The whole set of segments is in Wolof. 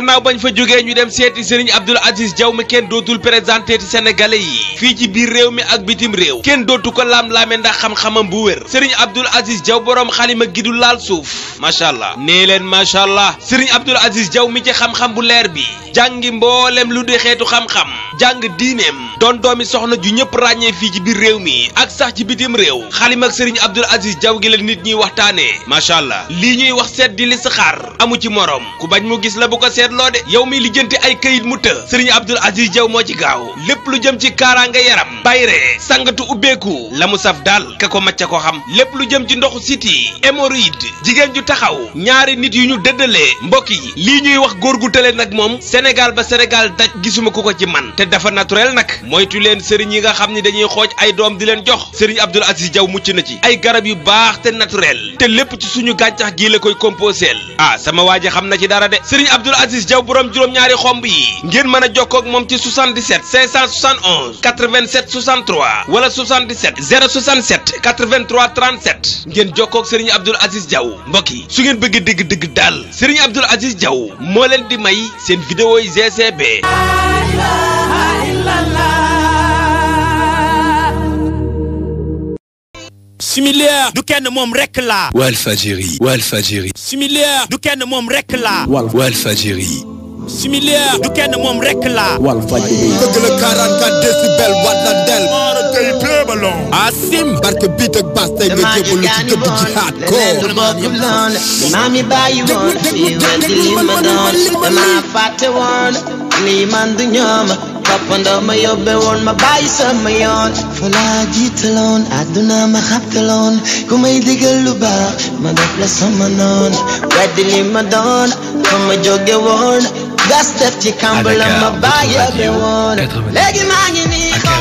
gannaaw bañ fa jógee ñu dem seeti Serigne Abdoul Aziz Diaw mi kenn dootul présenté ci sénégalais yi fii ci biir réew mi ak bitim réew kenn dootu ko laam-laame ndax xam-xamam bu wér Serigne Abdoul Aziz Diaw boroom xalima gi du laal suuf macha allah nee leen macha allah Serigne Abdoul Aziz Diaw mi ci xam-xam bu leer bi jàngi mboolem lu di xeetu xam-xam jàng diineem doon doomi soxna ju ñëpp ràññee fii ci biir réew mi ak sax ci bitim réew xalima ak Serigne Abdoul jaw gi la nit ñuy waxtaanee macha allah lii ñuy wax seet di li amu ci morom seetloo de yow mi lijjanti ay kayit mu të sëriñ Abdul Aziz Jaw moo ci gaaw lépp lu jëm ci kaaraange yaram bayre sangatu ubbeeku la mu saf daal ka ko macca ko xam lépp lu jëm ci ndoxu siti hémorroïde jigéen ju taxaw ñaari nit yu ñu dëddalee mbokk yi lii ñuy wax góor gu tële nag moom Sénégal ba Sénégal daj gisuma ku ko ci man te dafa natureel nag moytu leen sëriñ yi nga xam ne dañuy xooj ay doom di leen jox sëriñ Abdul Aziz Jaw mucc na ci ay garab yu baax te naturel te lépp ci suñu gàncax gii la koy composeel ah sama waa xam na ci dara de Ciss Diaw borom juróom-ñaari xomb yi ngeen mën a jokkoo ak moom ci 77 571 87 63 wala 77 067 83 ngeen jokkoo ak Serigne Abdoul Aziz Diaw mbokk yi su ngeen bëgg dëgg dëgg daal Serigne Abdoul Aziz jaw moo leen di may seen vidéo yi GCB. similaire du kenn moom rek la Walfadjri Walfadjri similaire du kenn moom rek la Walfadjri similaire du kenn moom rek la Walfadjri dëgg la 44 décibel wat la del maara tey béebalon asim barke biit ak baas tey nga jébalu ci dëgg ji haat ko maami bàyyi woon fii man di li ma doon dama fàtte woon lii man du ñoom toppandoo ma yóbbe woon ma bàyyi sama yoon fa laa jiitaloon àdduna ma xabtaloon ku may digal lu ma def la sama noon weddi li ma doon fa ma woon gas def ci la ma bàyyee woon léegi maa ngi nii xaw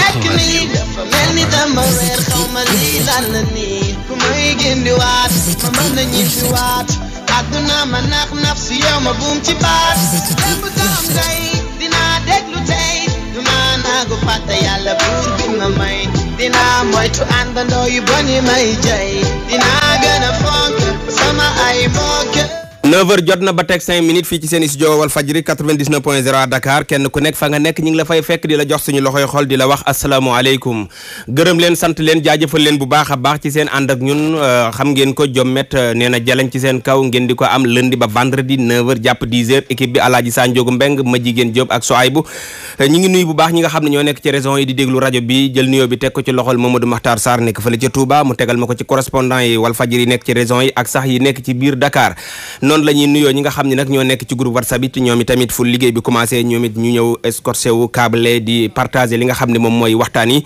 nekk nii dafa mel ni dama weer xaw ma lii lan ku may gindi waat ma mën na ñibbi waat àdduna ma nax naf si ma buum ci baat lépp doom day dinaa déglu tey naagu fàtte yàlla buur bi ma may dinaa moytu gën a fonk sama ay mbokk 9h jot na ba teg 5 minutes fii ci seen studio Walf Fadjri 99 ku nekk fa nga nekk ñu ngi la fay fekk di la jox suñu loxoy xol di la wax asalaamaaleykum leen sant leen bu baax a baax ci seen ànd ak ñun euh, xam ngeen ko jommet euh, nee na jaleñ ci seen kaw ngeen di ko am lundi ba vendredi 9h jàpp 10h équipe bi ma jigéen Jóob ak euh, ngi nuyu bu baax ñi nga xam ne ñoo nekk ci région yi di déglu rajo bi jël nuyoo bi teg ko ci loxol Mamadou Makhtar Sarr nekk fële ca Touba mu tegal ma ko ci ak sax yi nekk ci biir Dakar noonu la ñuy nuyoo ñi nga xam ne nag ñoo nekk ci groupe whatsapp it ñoom itamit fu liggéey bi commencé ñoom it ñu ñëw escorté wu câble di partagé li nga xam ne moom mooy waxtaan yi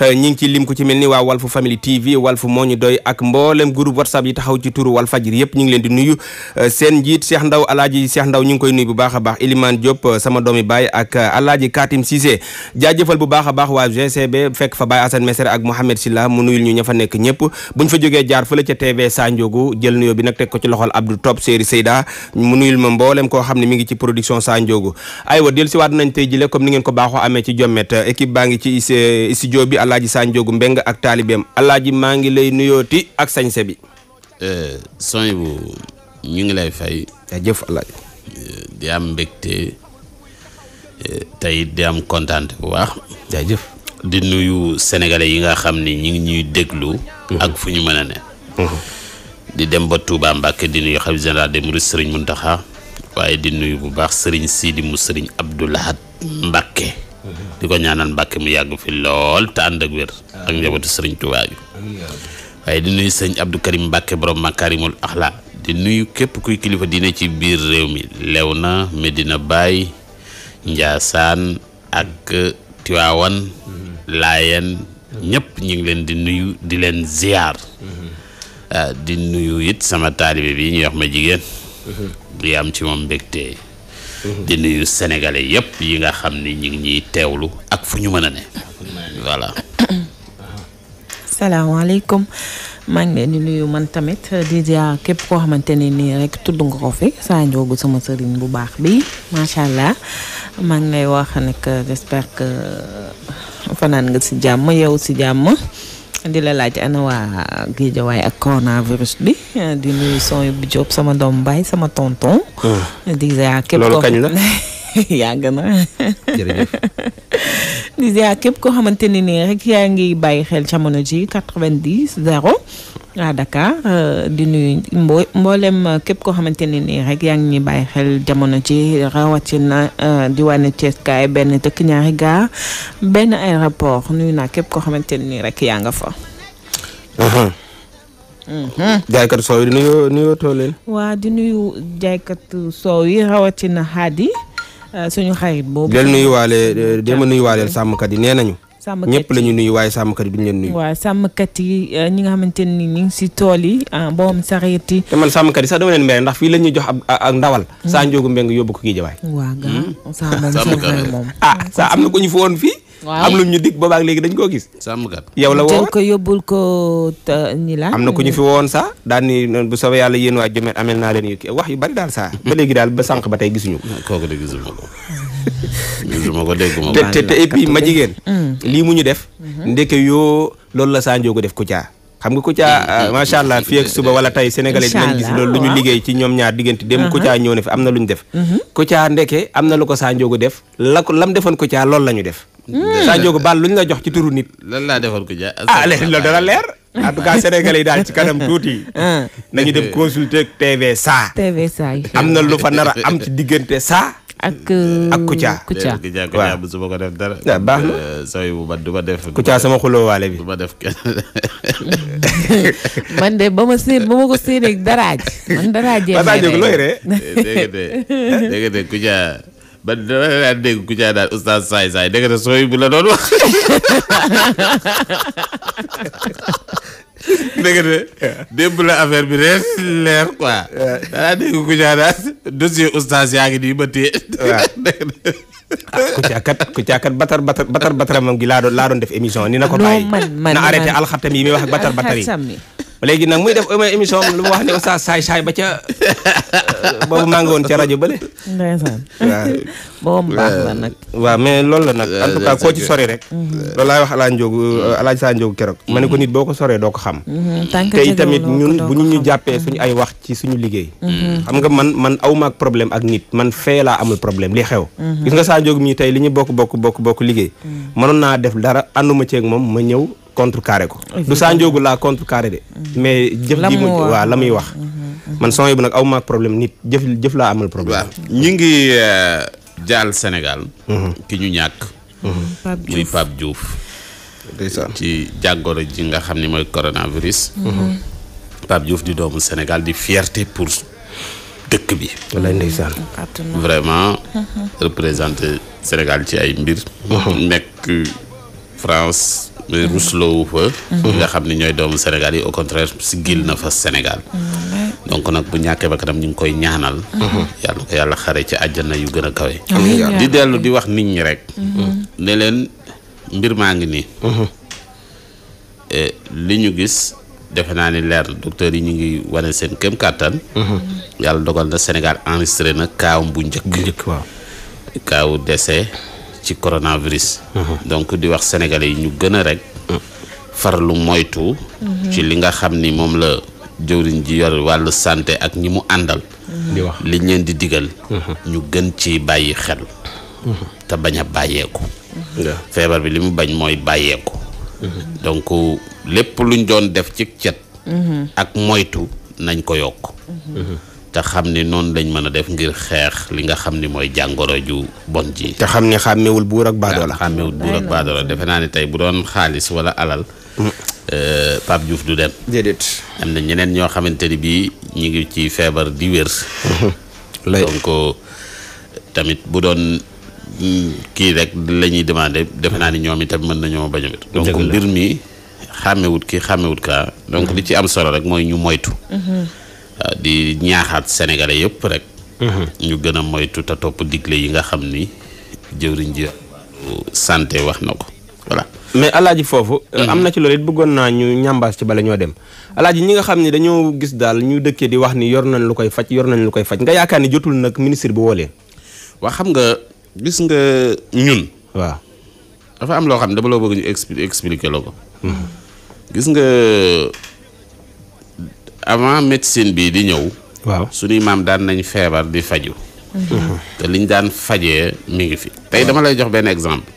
euh, ñi ngi ci lim ku ci mel ni waa Walfu Family TV Walfu moo ñu doy ak mboolem groupe whatsapp yi taxaw ci turu Walf Fadjri yëpp ñu ngi leen di nuyu euh, seen njiit Cheikh Ndaw alaaji Cheikh Ndaw ñu ngi koy nuyu bu baax a baax Ilimane Diop euh, sama doomi baay ak alaaji Katim Cissé jaajëfal bu baax a baax waa GCB fekk fa Baye Assane Messer ak Mohamed Silla mu nuyul ñu ña fa nekk ñëpp buñ fa jógee jaar fële ca TV Sanjogu jël nuyoo bi nag teg ko ci loxol Abdou Top série Seyda mu nuyul ma mboolem koo xam ne mi ngi ci production Sa Ndiogou aywa dellu si waat nañ tey jile comme ni ngeen ko baaxoo amee ci jommet équipe baa ngi ci euh, studio bi alaaji Sa Ndiogou Mbeng ak taalibeem alaaji maa ngi lay nuyooti ak sañse bi euh, soñ bu ñu ngi lay fay jëf euh, di am mbégte tey di am kontaan bu baax di nuyu sénégalais yi nga xam ni ñi ngi ñuy déglu ak fu ñu mën a ne di dem ba Touba Mbacke di nuyu xalifa général des mourides sëriñ Muntaxa waaye di nuyu bu baax sëriñ Sidi mu sëriñ Abdou Lahad Mbacke di ko ñaanal Mbacke mu yàgg fi lool te ànd ak wér ak njabootu sëriñ Touba bi waaye di nuyu sëriñ Abdou Karim Mbacke borom Makarimul Axla di nuyu képp kuy kilifa diine ci biir réew mi lew na Medina Baye Ndiassane ak Tivaouane Layène ñépp ñu ngi leen di nuyu di leen ziar Ah, di nuyu it sama taalibe bi ñu wax ma jigéen. Mhm. di ci moom mbégte. Mhm. di nuyu sénégalais yëpp yi nga xam ni ñu ngi ñuy teewlu ak fu ñu mën a ne. voilà. salaamaaleykum maa ngi leen di man tamit di ziar képp koo xamante ne nii rek tudd nga ko fi saa njoogu sama sëriñ bu baax bi macha allah maa ngi lay wax nag j'espère que fanaan nga si jàmm yow si jàmm. di la laaj ana waa Guédiawaye a coronavirus bi di nuyu son bu Diop sama doom baay sama tonton. Hmm. di ziar képp loolu kañ la yàgg na. képp koo xamante ne nii yaa ngi bàyyi xel jamono ji quatre-vingt-dix zéro à Dakar euh, di nuyu mboolem euh, képp koo xamante ne nii rek yaa ngi ñuy bàyyi xel jamono ci rawatina euh, diwaanu Thiès kaay benn dëkk ñaari gaar benn aéroport nuyu naa képp koo xamante ne nii rek yaa nga fa. Uh-huh. Mm-hmm. jaaykat soow yi di nuyu nuyoo tool leen. waa di nuyu jaaykat soow yi rawatina xaadi suñu xarit boobu. del nuyu waale dem nuyu waaleel sàmmkat yi nee nañu. sàmmkat yi ñëpp la ñu nuyu waaye sàmmkat yi duñu leen nuyu. waaw sàmmkat yi euh, ñi nga xamante si tool yi ah, borom sareet yi. sax dama leen mere la ñuy jox a ak ndawal. Hmm. saa njóogu mbeng yóbbu ko kii jawaay. waaw gaa saa moom ah saa am na ko ñu fi waaw am lu ñu dig boobaak léegi dañ koo gis. sàmmkat yow la woo jël ko yóbbul ko ñi la. am na ku ñu fi woon sax daal ni bu soobee yàlla yéen waa Jumet amel naa leen yu kii wax yu bari daal saa. ba léegi daal ba sànq ba tey gisuñu ko. kooku de gisuma ko gisuma ma. te te et puis jigéen. Mm. lii mu ñu def. Mm-hmm. ndeke yoo loolu la Sa Ndiogou def Kouthia. xam nga Kouthia mm, euh, mm, macha allah mm, fii ak suba wala tey sénégalais dinañ gis loolu lu ñu liggéey ci ñoom ñaar diggante dem uh-huh. Kouthia ñëw na fi am na lu ñu def mm-hmm. Kouthia ndeke am na lu ko Sa Ndiogou def la ko lam defoon Kouthia loolu la ñu def Sa Ndiogou baal lu ñu la jox ci turu nit lan laa defoon Kouthia ah léegi loolu dana leer en tout cas sénégalais yi daal ci kanam tuuti uh. nañu dem consulter TV Sa TV Sa am na lu fa nar a am ci diggante Sa ak. Euh, ak Kouthia Kouthia waaw bu ko def dara. waaw baax euh, sooy bu man du ma def. Kouthia sama xulóowaale bi du ma def kenn. man de ba ma man daraajee. ma daaje ko looy ree. Eh, dégg nga daal saay saay dégg sooy bu la doon dégg nga démb la affaire bi rees leer quoi. waaw danaa dégg Kouthia daal dossier oustaz yaa ngi nii ba téye. waaw dégg ah, batar batar batar bataramam gi laa doon laa def émission ni na ko bàyyi. na arrêté alxatam yi muy wax ak batar batar léegi nag muy def émission lu mu wax ne oustaz saay saay ba ca euh, boobu maa ngi woon ca rajo ba ndeysaan. waaw boobu baax la nag. waaw mais loolu la nag. en koo ci sori rek. Mm-hmm. loolu laay wax alaaj Njóogu euh, alaaj saa Njóogu keroog. ma ne ko mm-hmm. nit boo ko soree doo ko xam. Mm-hmm. te tamit ñun bu ñu ñu jàppee suñu ay wax ci suñu liggéey. xam nga man man aw ma problème ak nit man fee laa amul problème li xew. gis nga saa Njóogu mii tey li ñu bokk bokk bokk bokk liggéey. mënoon naa def dara ànduma ceeg moom ma ñëw contrecarré ko du saa njoogu laa contrecarré de mm-hmm. mais jëf ji mu waaw la muy wax mm-hmm. Mm-hmm. man son yi bu nag aw maag problème nit jëf laa amal problème ñu ngi euh, jaal Sénégal ki ñu ñàkk muy Pape Diouf ci jàngoro ji nga xam ne mooy coronavirus Pape Diouf di doomu Sénégal di fierté pour dëkk bi wallaay ndeysaan vraiment représenté Sénégal ci ay mbir nekk France Euh, rusloowu fa nga xam ne ñooy doomu Sénégal yi au contraire siggil na fa Sénégal mm, donc nag bu ñàkkee ba kanam ñu ngi koy ñaanal mm-hmm. yàlla na ko yàlla xare ci àjjana yu gën a kawe di dellu di wax nit ñi rek mm-hmm. ne leen mbir maa ngi nii mm-hmm. euh, li ñu gis defe naa ni leer docteur yi ñu ngi wane seen kéem kàttan yàlla dogal na Sénégal enregistré na kaawam bu njëkk waaw kaawu décès ci coronavirus donc di wax sénégalais yi ñu gën rek farlu moytu. Mhm. ci li nga xam ni moom la jëwriñ ji yor wàllu santé ak ñi mu àndal. Mhm. di wax liñ leen di digal. Mhm. ñu gën ci bàyyi xel. te bañ a bàyyeeku. feebar bi li mu bañ mooy bàyyeeku. donc lépp luñ doon def ci cet. ak moytu nañ ko yokk. te xam ni noonu lañ mën a def ngir xeex li nga xam ni mooy jàngoro ju bon ji. te xam ni xàmmewul buur ak baadoola. xàmmewul buur ak baadoola defe naa ne tey bu doon xaalis wala alal. Euh, Pape Diouf du dem. déedéet. am na ñeneen ñoo xamante ni bii ñu ngi ci feebar di wér. donc euh, tamit bu doon mm, kii rek lañuy demande demandé defe naa ni ñoom itam mën nañoo bañ a wér. donc mbir mi xàmmewut ki xàmmewut kaa. donc mm-hmm. li ci am solo rek mooy ñu moytu. Mm-hmm. di ñaaxaat sénégalais yëpp rek. Mm-hmm. ñu gën a moytu te topp digle yi nga xam ni jëwriñ ji santé wax na ko voilà. mais alaaji foofu. Euh, mm-hmm. am na ci loolu it bëggoon naa ñu ñambaas ci bala ñoo dem. ji ñi nga xam ne dañoo gis daal ñu dëkkee di wax ni yor nañ lu koy faj yor nañ lu koy faj nga yaakaar ni jotul nag ministre bi xam nga gis nga ñun. waaw dafa am loo xam ne dama loo bëgg ñu expli expliquer la ko. Mm-hmm. gis nga avant médecine bii di ñëw. waaw suñuy maam daan nañ feebar di faju mm-hmm. te liñ daan fajee mi ngi fi. tey dama lay jox benn exemple.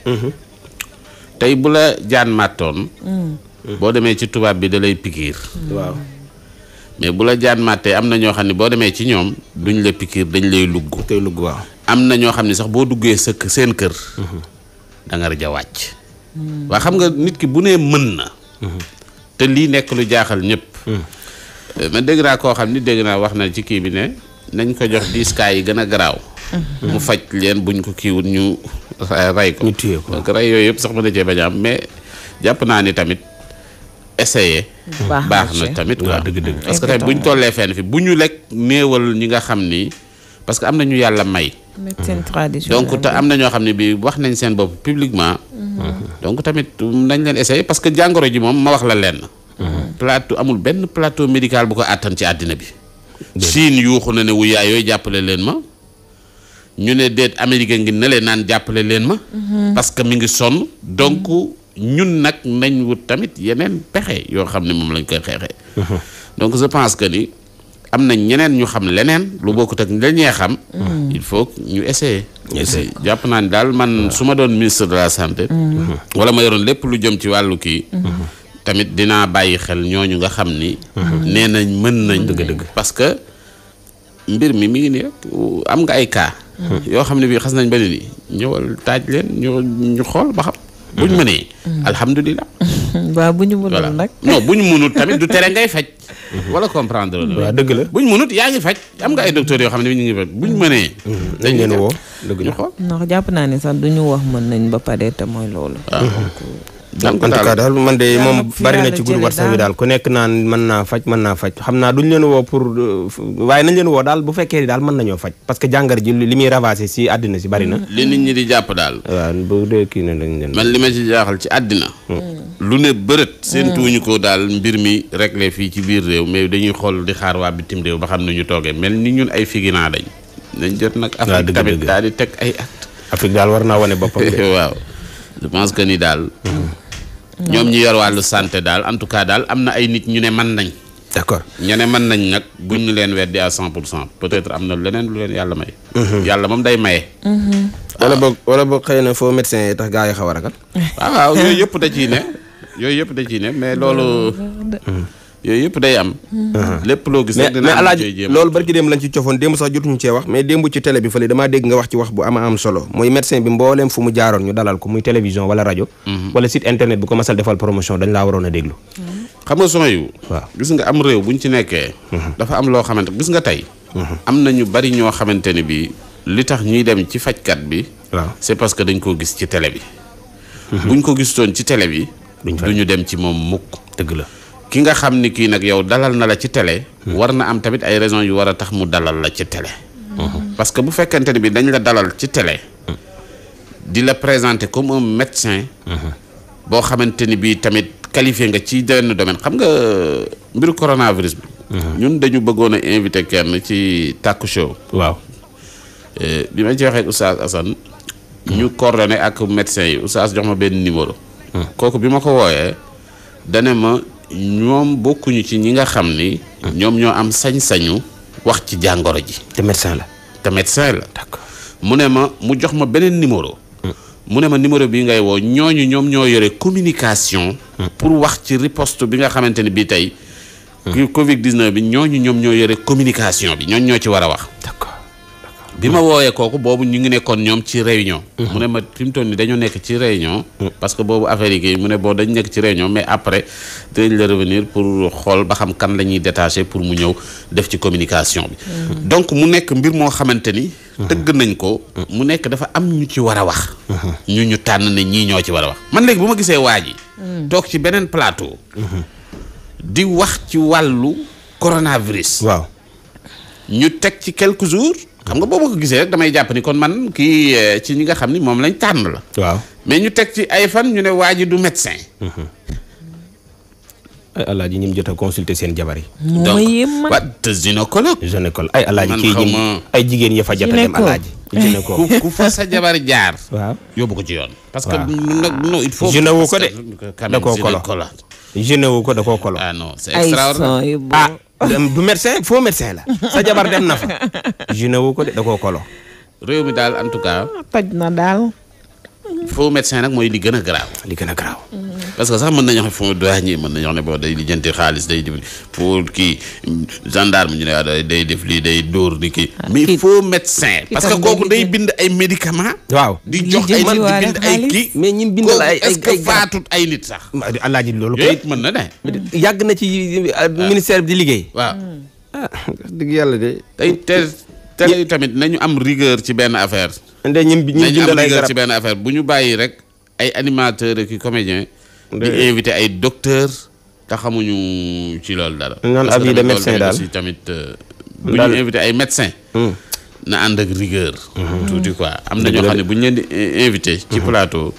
tey bu la jaan màttoon mm. boo demee ci tubaab bi da lay pikiir mm. waaw mais bu la jaan màttee am na ñoo xam ne boo demee ci ñoom duñ la pikiir dañ lay lugg tey lugg waaw am na ñoo xam ne sax boo duggee sëkk seen kër mm-hmm. da nga wàcc mm. waa xam nga nit ki bu nee mën na mm-hmm. te lii nekk lu jaaxal ñëpp ma eh, dégg naa koo xam ni dégg naa wax na ci kii bi ne nañ ko jox diis kaay yi gën a garaaw mm-hmm. mu faj leen buñ ko kiiwut ñu rey eh, ko. ñu tuye yooyu yëpp sax mën na cee bañ a am mais jàpp naa ni tamit essayer. baax na tamit quoi dëgg parce que bu ñu tollee fenn fi bu ñu lekk néewal ñi nga xam ni parce que am na ñu yàlla may. médecine mm-hmm. donc te am na ñoo xam ne bi wax nañ seen bopp publiquement. Mm-hmm. donc tamit nañ leen essayer parce que jàngoro ji moom ma wax la leen mm-hmm. plateau amul benn plateau médical bu ko àttan ci àddina bi. Chine yuuxu na ne wu yaay yooyu jàppale leen ma. ñu ne déet américain ngi ne leen naan jàppale leen ma mhm. parce que mi ngi sonn donc mhm. ñun nag nañ wut tamit yeneen pexe yoo xam ne moom lañ koy xeexee mhm. donc je pense que ni am nañ ñeneen ñu xam leneen lu bokkut ak la ñee xam il faut ñu essayer essayer jàpp naa ni daal man su ma doon ministre de la santé wala ma yoroon lépp lu jëm ci wàllu kii tamit dinaa bàyyi xel ñooñu nga xam ni nee nañ mën nañ dëgg-dëgg parce que mbir mi mi ngi nii rek am nga ay cas yoo xam ne bii xas nañ ba ne nii ñëwal taaj leen ñu ñu xool ba xam. bu ñu mm-hmm. mënee. Mm-hmm. alhamdulilah. waaw bu ñu mënul nag. non bu ñu mënul tamit du tere ngay faj. Mm-hmm. wala comprendre la. waaw dëgg la buñ ñu yaa ngi faj am nga ay docteurs yoo xam ne ñu ngi faj bu ñu mënee. dañ leen woo dëgg la ñu xool. ndax jàpp naa ne sax du ñu wax mën nañ ba pare te mooy loolu. Ah. en tout cas daal man de moom bari na ci groupe WhatsApp bi daal ku nekk naan mën naa faj mën naa faj xam naa duñ leen woo pour euh, waaye na leen woo daal bu fekkee ni daal mën nañoo faj parce que jàngar ji li muy ravagé si àddina si bari na li nit ñi di jàpp daal waaw bu leen man li ma ci jaaxal ci àddina hmm. lu ne bërët hmm. seen tuuñu ko daal mbir mi réglé fii ci biir réew mais dañuy xool di xaar waa bitim réew ba xam ne ñu toogee mel ni ñun ay figina dañ nañ jot nag Afrique tamit daal di teg ay acte Afrique daal war naa wane boppam waaw je pense que ni daal hmm. ñoom ñu yor wàllu santé daal en tout cas daal am na ay nit ñu ne mën nañ. d'accord ñu ne mën nañ nag buñ ñu leen weddi à cent pour cent peut-être am na leneen lu leen yàlla may. Mhm. yàlla moom day maye. Mhm. wala boog wala boog xëy na foo médecin yi tax gaa yi xaw a ragal. Ah, waaw yooyu yëpp da ne yooyu yëpp da ne mais loolu. Mhm. yooyu yëpp day am. Uh-huh. lépp loo gis. mais alaaj loolu barki démb lañ ci cofoon démb sax jotuñu cee wax mais démb ci télé bi fële damaa dégg nga wax ci wax bu ama am solo mooy médecin bi mbooleem fu mu jaaroon ñu dalal ko muy télévision wala rajo. Uh-huh. wala site internet bu ko masal defal promotion dañ laa waroon a déglu. Uh-huh. xam nga son gis nga am réew buñ ci nekkee. dafa am loo xamante gis nga tey. am na ñu bari ñoo xamante ne bii li tax ñuy dem ci fajkat bi. c'est parce que dañ ko gisoon ci télé bi. duñ dem ci moom mukk dëgg la ki nga xam ni kii nag yow dalal na la ci télé. war na am tamit ay raison yu war a tax mu dalal la ci télé. parce que bu fekkente ne bi dañ la dalal ci télé. di la présenté comme un médecin. boo xamante ni bii tamit qualifié nga ci benn domaine xam nga euh, mbiru coronavirus bi. ñun dañu bëggoon a invité kenn ci Taku Show. waaw. Euh, bi ma ci waxee Oustaz ñu coordonné ak médecin yi Oustaz jox ma benn numéro. Hmm. kooku bi ma ko wooyee dane ñoom bokkuñu ci ñi nga xam ni. ñoom ñoo am sañ-sañu wax ci jàngoro ji. te médecin la. te médecin la. d'accord mu ne ma mu jox ma beneen numéro. Hmm. mu ne ma numéro bii ngay woo ñooñu ñoom ñoo yore communication. Hmm. pour wax ci riposte bi nga xamante ni bii tey. Hmm. Covid 19 bi ñooñu ñoom ñoo yore communication bi ñooñu ñoo ci war a wax. bi ma wooyee kooku boobu ñu ngi nekkoon ñoom ci réunion. Mhm. mu ne ma fi mu toll nii dañoo nekk ci réunion. Mhm. parce que boobu affaire yi kii mu ne boo dañ nekk ci réunion mais après dinañ la revenir pour xool ba xam kan la ñuy détaché pour mu ñëw def ci communication bi. Mhm. donc mu nekk mbir moo xamante ni. tëgg nañ ko. mu nekk dafa am ñu ci war a wax. ñu ñu tànn ne ñii ñoo ci war a wax man léegi bu ma gisee waa ji. toog ci beneen plateau. di wax ci wàllu coronavirus. waaw ñu teg ci quelques jours. xam nga boobu ko gisee rek damay jàpp ni kon man kii eh, ci ñi nga xam ni moom lañ tànn la. waaw mais ñu teg ci ay fan ñu ne waaji du médecin. Mhm. ay alaaji ñi mu jot consulter seen jabar yi. mooy man donc waa te gynécologue. gynécologue ay alaaji kii ñi ay jigéen ya fa jot a dem alaaji. gynécologue ku ku fa sa jabar jaar. waaw yóbbu ko ci yoon. parce que nag non il faut. gynécologue ko de da koo jeune wu ko da koo kolo. ah non c'est extraordinaire ah du médecin faux médecin la sa jabar dem na fa jeune wu ko de da kolo. réew mi daal en tout cas. Ah, toj na daal. faux médecin nag mooy li gën a garaaw. li gën a garaaw. parce que sax mën nañu wax ne faux douanier mën nañu wax ne boo day lijjanti xaalis day def pour kii gendarme ñu ne waaw day def lii day dóor ni kii. Ah, mais faux médecin. parce que kooku day bind ay médicament waaw di jox ay nit di bind ay kii. mais ñun bindal ay ay est-ce que faatut ay nit sax. alaaji loolu. yooyu mën na ne. yàgg na ci ah. ministère bi di liggéey. waaw. ah dëgg yàlla de. tey te te tamit nañu am rigueur ci benn affaire. nde ñim ñim bindal ay garab ci benn affaire bu ñu bàyyi rek ay animateur ak comédien di invité ay docteur te xamuñu ci lool dara naan avis de médecin daal aussi tamit euh, bu ñu invité ay médecin hmm. na ànd ak rigueur hmm. tuuti quoi am na xam ne bu ñu leen euh, invité ci hmm. plateau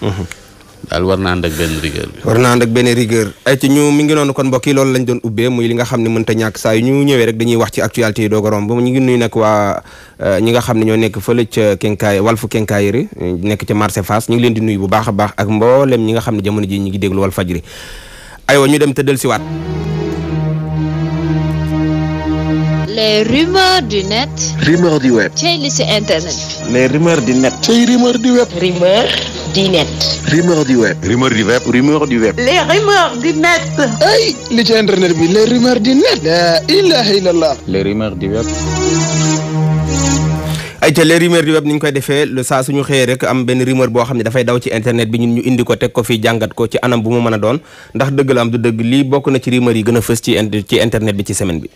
daal war naa ànd ak benn rigueur bi. war naa ànd benn rigueur ay ci ñu mi ngi noonu kon mbokk yi loolu lañ doon ubbee muy li nga xam ne mënta ñàkk saa yu ñu ñëwee rek dañuy wax ci actualité yi doog a romb ñu ngi nuyu nag waa euh, ñi nga xam ne ñoo nekk fële ca kenkaay Walfu Kenkaayeri nekk ca marché Fass ñu ngi leen di nuyu bu baax a baax ak mboolem ñi nga xam ne jamono ji ñu ngi déglu Walfadjri aywa ñu dem te del siwaat les si internet bi. les rumeurs du net. cay rumeurs du du net. rumeur du web. rumeur du web. rumeur du web. net. ay li ci internet bi les net. la ilaha illallah. les rumeurs du web. ay ca les rumeurs du web ni ñu koy defee le saa suñu xëyee rek am benn rumeur boo xam ne dafay daw ci internet bi ñun ñu indi ko teg ko fii jàngat ko ci anam bu mu mën a doon ndax dëgg la am du dëgg lii bokk na ci rumeur yi gën a fës ci ci internet bi ci semaine bi.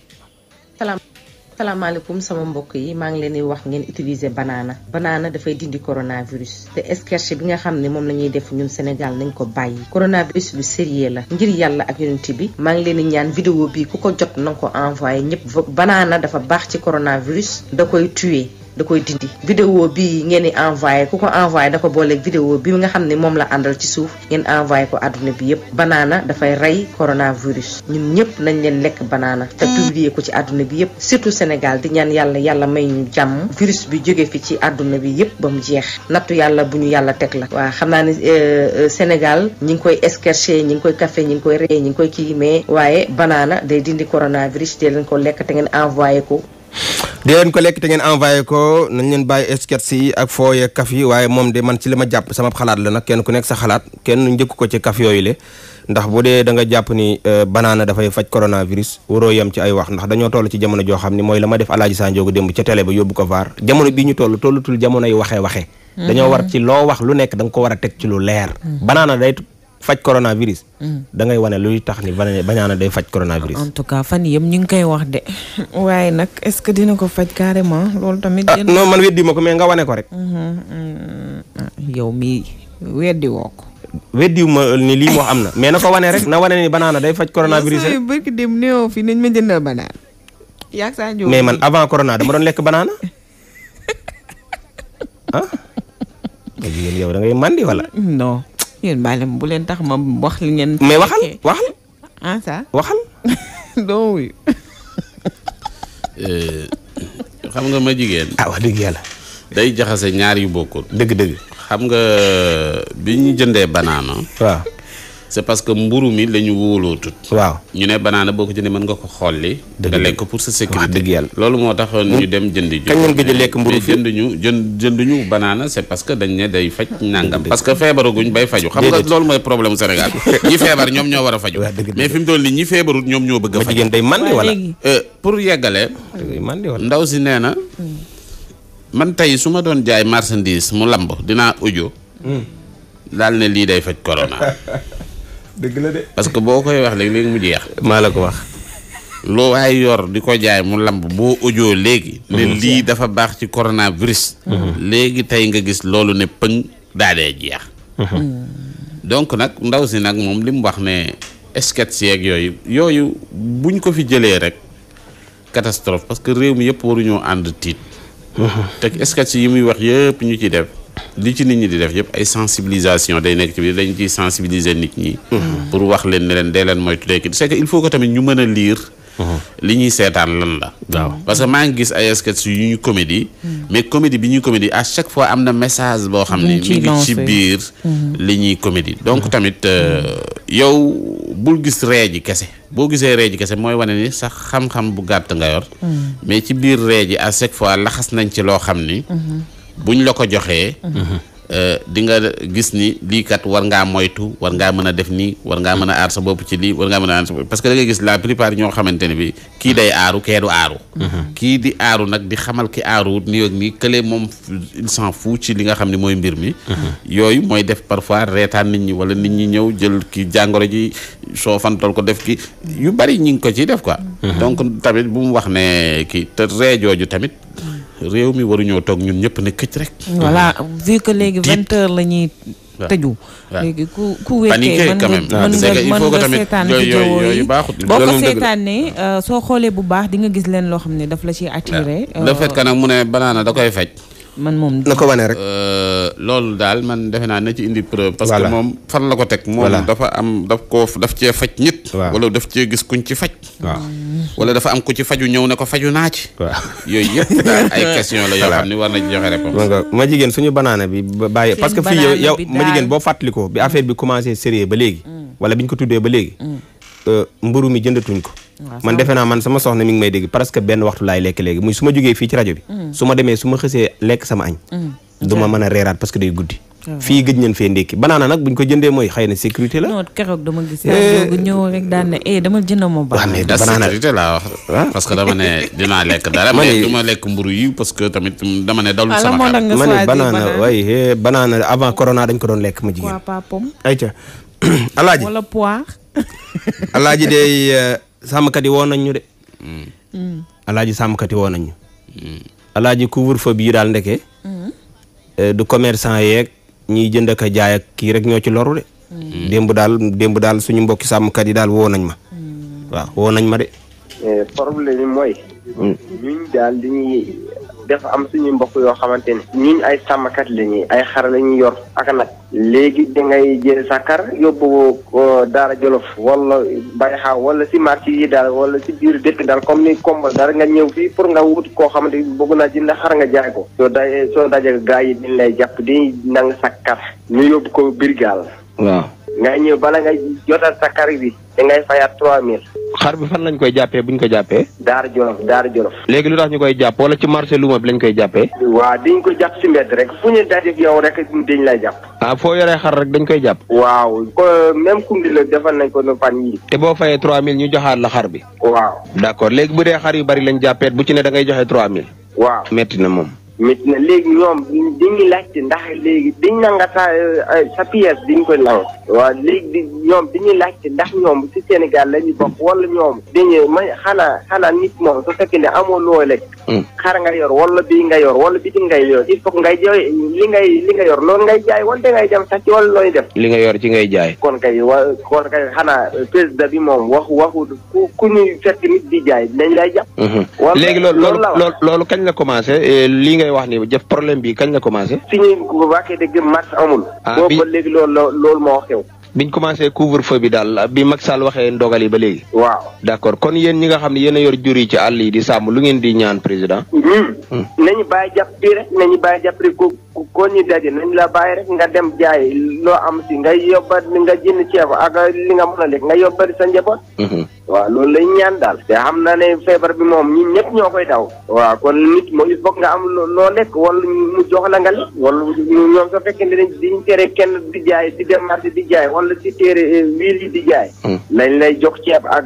asalaamaaleykum sama mbokk yi maa ngi leen di wax ngeen utiliser banaana banaana dafay dindi coronavirus te escarche bi nga xam ne moom la ñuy def ñun Sénégal nañ ko bàyyi coronavirus lu sérieux la ngir yàlla ak yonent bi maa ngi leen di ñaan vidéo bi ku ko jot na ko envoyé ñëpp banaana dafa baax ci coronavirus da koy tuer da koy dindi vidéo bi ngeen di envoyé ku ko envoyé da ko booleeg vidéo bi nga xam ne moom la àndal ci suuf ngeen envoyé ko àdduna bi yëpp banaana dafay rey coronavirus ñun ñëpp nañ leen lekk banaana te ko ci àdduna bi yëpp surtout Sénégal di ñaan yàlla yàlla may ñu jàmm virus bi jóge fi ci àdduna bi yëpp ba mu jeex nattu yàlla bu ñu yàlla teg la waa xam naa ne euh, euh, Sénégal ñi ngi koy escarché ñi ngi koy café ñi ngi koy rey ñi ngi koy kii mais waaye banaana day dindi coronavirus dee leen ko lekk te ngeen envoyé ko di leen ko lekk te ngeen envoyé ko nañ leen bàyyi sketch yi ak fooye kaf waaye moom de man ci li ma jàpp sama xalaat lana kenn ku nekk sa xalaat kenn njëkk ko ci kaf yooyu le ndax bu dee da nga jàpp ni euh, banaana dafay faj coronavirus waroo yem ci ay wax ndax dañoo toll ci jamono joo xam ne mooy la ma def alaaji sanjoogu démb ca télé ba yóbbu ko vaar jamono bii ñu toll tollatul jamonoy waxe waxee waxee dañoo war ci loo wax lu nekk danga ko war a teg ci lu leer mm-hmm. faj coronavirus. Mm. da ngay wane luy tax ni bañaana day faj coronavirus. en tout cas fan yëpp ñu ngi koy wax de. waaye nag est-ce que dina ko faj carrément loolu tamit. Ah, non man weddi ko mais nga wane ko rek. Mhm, mm. ah, yow mii weddi woo ko. ni lii moo am na mais na ko wane rek na wane ni banaana day faj coronavirus rek. barki dem néew fii nañ ma jëndal banaan. yaa saa mais man avant corona dama doon lekk banaana ah. jigéen yow da ngay mandi wala. yéen bàyyi bu leen tax ma wax li ngeen. mais waxal waxal. ah ça euh, xam nga ma jigéen. Ah, dëgg yàlla. day jaxase ñaar yu bokkul. dëgg dëgg. xam nga bi ñu jëndee banaana. waaw. c'est parce que mburu mi la ñu wóoloo tut waaw ñu ne banaana boo ko jëndee mën nga ko xolli nga lekk pour sa sécurité dëgg yàlla loolu moo taxoon hmm? ñu dem jëndi ju jënd ñu jën jënd ñu banaana c'est parce que dañ ne day faj nàngam parce que feebaraguñ bay faju xam nga loolu mooy problème Sénégal ñi feebar ñoom ñoo war a faju mais fi mu toll nii ñi feebarut ñoo bëgg a faj jigéen day mandi wala euh, pour yeggale ndaw si nee na hmm. man tey su ma doon jaay marchandise mu lamb dinaa audio hmm. daal ne lii day faj corona dëgg la parce que boo koy wax léegi léegi mu jeex. maa la ko wax. loo waaye yor di ko jaay mu lamb boo audio léegi. ne mhm. lii dafa baax ci coronavirus. Mhm. léegi tey nga gis loolu ne pëñ daa jeex. Mhm. Mm. donc nag ndaw si nag moom li mu wax ne sketch yeeg yooyu yooyu buñ ko fi jëlee rek catastrophe parce que réew mi yëpp waruñoo ànd tiit. te sketch yi muy wax yëpp ñu ci def. li ci nit ñi di def yëpp ay sensibilisation day nekk ci biir dañ ciy sensibiliser nit ñi. pour wax leen ne leen dee leen moytu léegi c'est que il faut que tamit ñu mën a lire. li ñuy seetaan lan la. parce que maa ngi gis ay yu ñuy comédie. mais comédie bi ñuy comédie à fois am na message boo xam ne. mi ngi ci biir mhm. li ñuy comédie. donc tamit euh, yow bu gis ree ji kese boo gisee ree ji kese mooy wane ni sax xam-xam bu gàtt nga yor. Mhm. mais ci biir ree ji à chaque fois laxas nañ ci loo xam ni. Mhm. buñ la ko joxee. Euh, di nga gis ni lii kat war ngaa moytu war ngaa mën a def nii war ngaa mën a aar sa bopp ci lii war ngaa mën a aar sa bopp parce que da la plupart ñoo xamante ne bi kii day aaru kee du aaru. kii di aaru nag di xamal ki aaru nii ak nii kële moom il s'en fout ci li nga xam ne mooy mbir mi. yooyu mooy def parfois reetaan nit ñi wala nit ñi ñëw jël ki jàngoro ji soo fantal ko def ki yu bari ñi ngi ko ci def quoi. Mhm. donc tamit bu mu wax ne kii te ree jooju tamit. réew mi waruñoo toog ñun ñëpp ne këcc rek. voilà vu que léegi vingt heures la ñuy. tëju léegi ku ku wekkee mën nga mën ah, nga seetaan vidéo yi boo ko seetaanee euh, soo xoolee bu baax di nga gis leen loo xam ne daf la ci attiré. le euh, fait nag mu ne banaana da koy faj. man moom la ko wane rek. Euh, loolu daal man defe na na ci indi preuve. parce que moom fan la ko teg. moom dafa am daf koo daf cee faj nit. wala daf cee gis kuñ ci faj. wala dafa am ku ci faju ñëw ne ko faju naa ci. yooyu yëpp daal ay question la yoo xam war nañ joxe rek ma jigéen suñu banaana bi ba bàyyi parce que fii yow ma jigéen boo fàttalikoo bi affaire bi commencé sérieux ba léegi. Mm. wala biñ ko tuddee ba léegi. Mm. Euh, mburu mi jëndatuñ ko ah, man defe naa man sama soxna mi ngi may dégg parce que benn waxtu laay lekk léegi muy su ma jógee fii ci rajo bi hmm. su ma demee su ma xësee lekk sama añ hmm. du ma mën a reeraat parce que day guddi fii gëj nañ fee ndékki banaana nag buñ ko jëndee mooy xëy na sécurité la non keroog dama gis eh. bu ñëw rek daan ne eh dama jënd a ba mais banaana sécurité laa ah. parce que dama ne dinaa lekk dara mais duma lekk mburu yi parce que tamit dama ne dalul ah, sama xel ma ne banaana eh, banaana avant corona dañ ko doon lekk ma jigéen ayca alaaji wala poire alaaji de eh, sàmmkat yi woo nañ ñu de. Mm. Mm. alaaji sàmmkat yi woo nañ ñu. Mm. alaaji couvre-feu daal ndeke. Eh, du commerçant yeeg ñiy jënd ak a jaay kii rek ñoo ci loru de. démb daal démb daal suñu mbokki sàmmkat yi daal woo nañ ma. waaw woo ma de. Eh, dafa am suñu mbokk yoo xamante ni ñu ay sàmmkat la ñuy ay xar la ñuy yor ak nag léegi dangay jël sa kar yóbbu euh, daara jolof wala bay xaaw wala si marché yi daal wala si biir dëkk daal comme ni kombal dara nga ñëw fii pour nga wut koo xamante ni bëgg naa jënd xar nga jaay ko soo dajee soo dajee gaa yi dañ lay jàpp di nang sa kar ñu yóbbu ko birgaal waaw ngay ñëw bala ngay jotal sa kari bi dangay fayaat trois mille. xar bi fan lañ koy jàppee bu ñu ko jàppee. Daar Jolof Daar Jolof. léegi lu tax ñu koy jàpp wala ci marché luuma bi lañ koy jàppee. waaw diñ ko jàpp si mbedd rek fu ñu dajeeg yow rek dañ lay jàpp. ah foo yoree xar rek dañ koy jàpp. waaw ko même kumbi la defal nañ ko ne fan yii. te boo fayee trois mille ñu joxaat la xar bi. waaw d' accord léegi bu dee xar yu bari lañ jàppee bu ci ne da ngay joxe trois mille. waaw metti na moom. métti na léegi ñoom dañuy laajte ndax léegi dañ nanga sa euh, sa pièce diñ ko nang waaw léegi ñoom dañuy laajte ndax ñoom ci Sénégal la ñu bokk wala ñoom dañuy ma xanaa xanaa nit moom su fekkee ne amoo loo lekk hmm. xar nga yor wala bii nga yor wala biti ngay yor il faut ngay joy li ngay li nga yor loolu ngay jaay wala ngay dem sax ci wala looy def li nga yor ci ngay jaay kon kay wa kon kay xanaa président bi moom wax waxu ku ku ñuy fekk hmm. la may wax nii jëf problème bi kañ la commencé. signé bu baaxee dëgg mars amul. ah bi ba léegi loolu la loolu moo xew. biñ commencé couvre feu bi daal bi Macky Sall waxee ndogal yi ba léegi. waaw d' accord kon yéen ñi nga xam ne yéen yor jur yi ci àll yi di sàmm lu ngeen di ñaan président. Hmm. Hmm. nañu bàyyi jàpp bi rek nañu bàyyi jàpp rek ko ko ñu daje nañ la bàyyi rek nga dem jaay loo am si nga yóbba nga jënd ceeb ak li nga mën a lekk nga yóbba sa njaboot. Hmm. waaw loolu lañ ñaan daal te xam na ne feebar bi moom ñun ñëpp ñoo koy daw waaw kon nit mooy il faut nga am loo lekk wala mu jox la nga lekk wala ñoom soo fekkee ne dañ diñ tere di jaay si démarché di jaay wala si téere wiil eh, yi di jaay lañ hmm. lay jox ceeb ak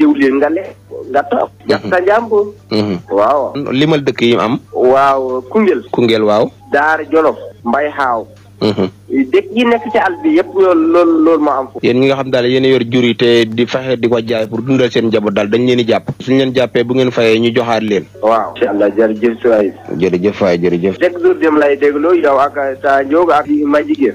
diwlin nga lekk nga toog jax hmm. sa njàmbur hmm. waaw limal dëkk yi am waaw Koungheul Koungheul waaw daar Jolof Mbay Xaaw Mhm. dëkk yi nekk ci àll bi yëpp lool lool moo am foofu yéen ñi nga xam daal yéen yor jur yi te di fexe di ko jaay pour dundal seen njaboot daal dañ leen di jàpp suñ leen jàppee bu ngeen fayee ñu joxaat leen waaw incha allah jërëjëf si waay jërëjëf waay jërëjëf chaque jour dem lay dégloo yow ak sa njóog ak ma jigéen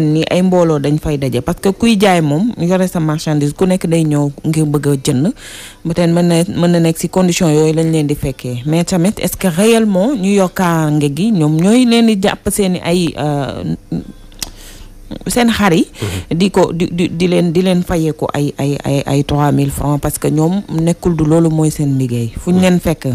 ni ay mbooloo dañ fay daje parce que kuy jaay moom yore sa marchandise ku nekk day ñëw ngir bëgg a jënd peut mën na mën na nekk si condition yooyu lañ leen di fekkee mais tamit est-ce que réellement ñu yokkaange gi ñoom ñooy leen di jàpp seen i ay euh, seen xar yi. Mhm. di ko di di leen di leen fayee ko ay ay ay ay trois mille francs parce que ñoom nekkul du loolu mooy seen liggéey. fu ñu leen fekk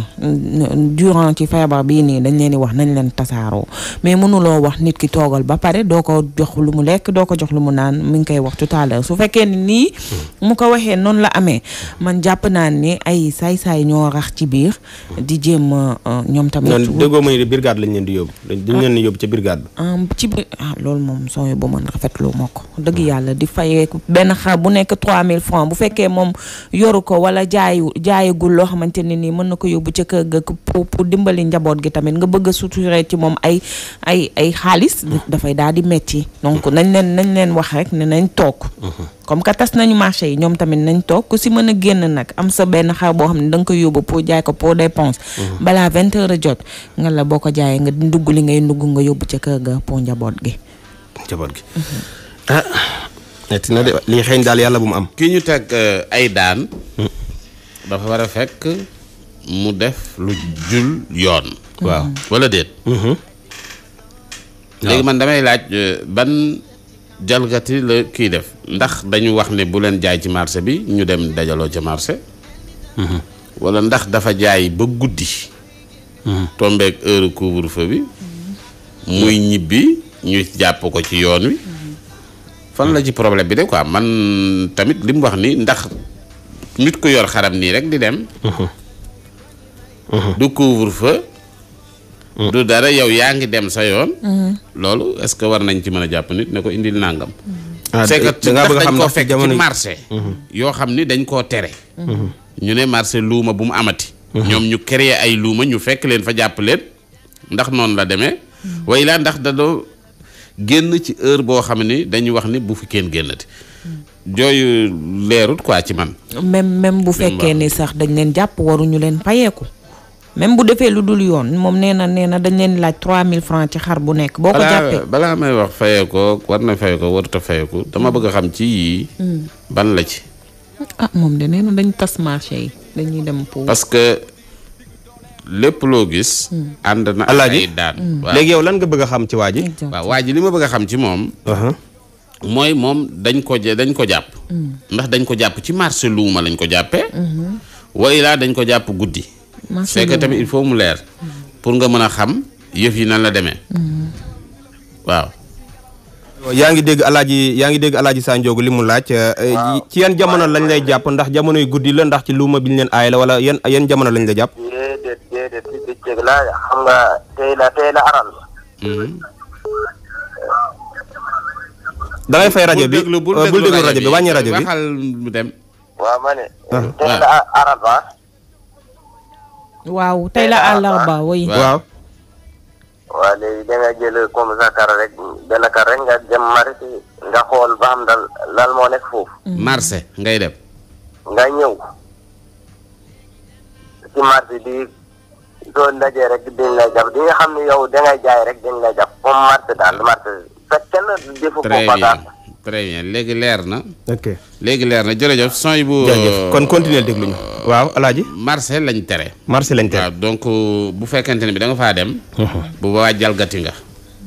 durant ci feebar bi nii dañ leen di wax nañ leen tasaaroo mais mënuloo wax nit ki toogal ba pare doo ko jox lu mu lekk doo ko jox lu mu naan mi ngi koy wax tout à su fekkee ni nii. mu ko waxee noonu la amee man jàpp naa ni ay saay-saay ñoo rax ci biir. di jéem a ñoom tamit. non déggoo ma ni lañ leen di yóbbu. dañ ah. leen di yóbbu ca ah, bi. ci ah, man rafetlu ma ko dëgg yàlla di fayee benn xar bu nekk 3000 francs bu fekkee moom yoru ko wala jaayu jaayagul loo xamante ne nii mën na ko yóbbu ca kër ga pour pour dimbali gi tamit nga bëgg a suturé ci moom ay ay ay xaalis dafay daal di metti donc nañ leen nañ leen wax rek ne nañ toog comme que tas nañu marché yi ñoom tamit nañ toog ku si mën a génn nag am sa benn xar boo xam ne da nga koy yóbbu pour jaay ko pour dépense mhm. balaa vingt a jot nga la boo ko jaayee nga ndugg li ngay dugg nga yóbbu ca kër ga pour njaboot gi njaboot gi. ah metti na xeeñ daal yàlla bu mu am. ki ñu teg euh, ay daan. dafa war a fekk mu def lu jul yoon. waaw walla déet. Mhm. léegi man damay laaj euh, ban jalgati la kii def ndax dañu wax ne bu leen jaay ci marché bi ñu dem dajaloo ca marché. Mhm. wala ndax dafa jaay ba guddi. Mhm. tombeek heure couvre-feu bi. muy ñibbi. ñu jàpp ko ci yoon wi fan la ci problème bi de quoi man tamit li mu wax ni ndax nit ku yor xaram nii rek di dem mm-hmm. du couvre-feu mm-hmm. du dara yow yaa ngi dem sa yoon mm-hmm. loolu est que war nañ ci mën a jàpp nit ne ko indil nàngam ah, c'est que ndax dañ koo fekk ci yoo xam ni dañ koo tere ñu ne marché luuma bu mu amati ñoom ñu créer ay luuma ñu fekk leen fa jàpp leen ndax noonu la demee way ndax da génn ci heure boo xam ne dañuy wax ni bu fi kenn génnati jooyu leerut quoi ci man. même même bu fekkee ni sax dañ leen jàpp waruñu leen fayeeku même bu defee lu dul yoon moom nee na nee na dañ leen laaj 3000 francs ci xar bu nekk. boo ko jàppee balaa may wax fayeekoo war na fayeekoo warut a fayeeku dama bëgg a xam ci yii. Hmm. ban la ci. ah moom de nee dañ tas marché yi dañuy dem. parce lépp loo gis. Hmm. ànd na ay daan hmm. léegi yow lan nga bëgg a xam ci waa ji. waa ji li ma bëgg a xam ci moom. Uh-huh. mooy moom dañ ko dañ ko jàpp. Hmm. ndax dañ ko jàpp ci marché luuma lañ ko jàppe wa ilaa dañ ko jàpp guddi. fekk tamit il faut mu leer. pour nga mën a xam yëf yi nan la demee. waaw. yaa ngi dégg alaaji yaa ngi dégg alaaji Sanjoogu li mu laaj. Eh, eh, ci yan jamono lañ lay jàpp ndax jamonoy guddi la ndax ci luuma bi leen aay la wala yan yan jamono lañ lay jàpp. déedéet ci bëccëg la xam nga tey la tey la aral. Hmm. da fay rajo bi bul déglu euh, rajo bi wàññi rajo bi waxal mu waaw ma ah. la alarba. waaw tey waaw. waaw léegi da nga jël comme Zakar rek benn kar rek nga jëm marché nga xool ba xam dal lal moo nekk foofu. Hmm. marché ngay dem. nga ñëw. ci marché bi. doo ndajee rek dañ lay jàpp di xam ne yow da jaay rek dañ lay jàpp comme marché daal marché léegi leer na. ok léegi leer na jërëjëf sooy bu. jërëjëf kon euh, continuer déglu ñu. waaw alaaj marché lañ tere. marché lañ tere donc bu fekkente ne bi da nga faa dem. bu waa jalgati nga.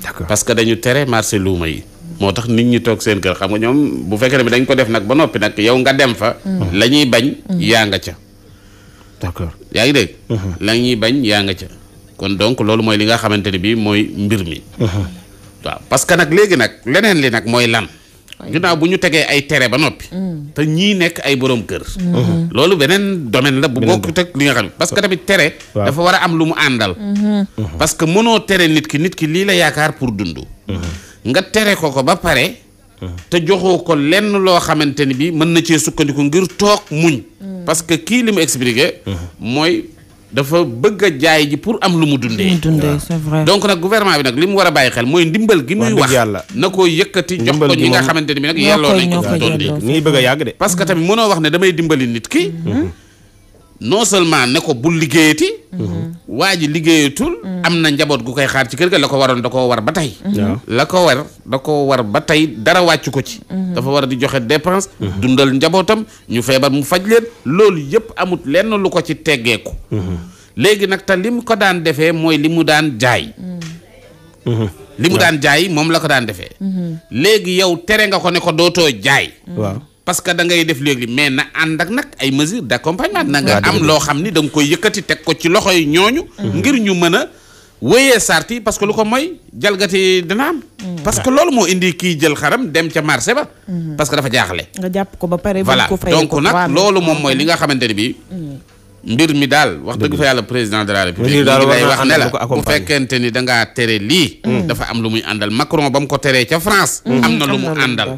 d'accord parce que dañu tere marché luuma yi. moo tax nit ñi toog seen kër xam nga ñoom bu fekkee ne bi dañ ko def nag ba noppi nag yow nga dem fa. Mm. la ñuy bañ. Mm. yaa nga ca. d'accord yaa ngi dégg. la ñuy bañ yaa nga ca. kon donc loolu mooy li nga xamante ne bii mooy mbir mi. waaw parce que nag léegi nag leneen li nag mooy lan. ginnaaw bu ñu tegee ay tere ba noppi. Mm. te ñii nekk ay borom kër. Mm-hmm. loolu beneen domaine la bu bokk teg li nga xam parce que tamit tere. dafa war a am lu mu àndal. Mm-hmm. parce que mënoo tere nit ki nit ki lii la yaakaar pour dund. Mm-hmm. nga tere ko ko ba pare. te joxoo ko lenn loo xamante ni bi mën na cee sukkandiku ngir toog muñ parce que kii li mu expliqué mooy dafa bëgg a jaay ji pour am lu mu dundee c'est vrai donc nag gouvernement bi nag li mu war a bàyyi xel mooy ndimbal gi muy wax na ko yëkkati jox ko ñi nga xamante ni bi nag yelloo nañ ko dundee mi bëgg a yàgg de parce que tamit mënoo wax ne damay dimbali nit ki mm-hmm. Mm-hmm. non seulement ne ko bul liggéeyati. Mhm. waa ji liggéeyatul. Mhm. am na njaboot gu koy xaar ci kër ga la ko waroon da koo war ba tey. Mhm. la ko war da koo war ba tey dara wàccu ko ci. dafa war di joxe dépense. dundal njabootam ñu feebar mu faj leen loolu yëpp amut lenn lu ko ci teggeeku. léegi nag te lim ko daan defee mooy li mu daan jaay. li mu daan jaay moom la ko daan defee. léegi yow tere nga ko ne ko dootoo jaay. waaw parce que da ngay def léegi mais na ànd ak nag ay mesures d'accompagnement mm-hmm. na nga am loo xam ni da nga koy yëkkati teg ko ci loxo yi ñooñu mm-hmm. ngir ñu mën a wéyee sarti parce que lu ko mooy jalgati dina am. Mm-hmm. parce que loolu moo indi kii jël xaram dem ca marché ba. parce que dafa jaaxle. nga jàpp ko ba pare. voilà donc nag loolu moom mooy li nga xamante ne bii. mbir mi daal wax dëgg fa yàlla président de la république daal lay wax ne la bu fekkente ni danga tere lii hmm. dafa am lu muy àndal Macron ba mu ko teree ca France hmm. am na lu mu àndal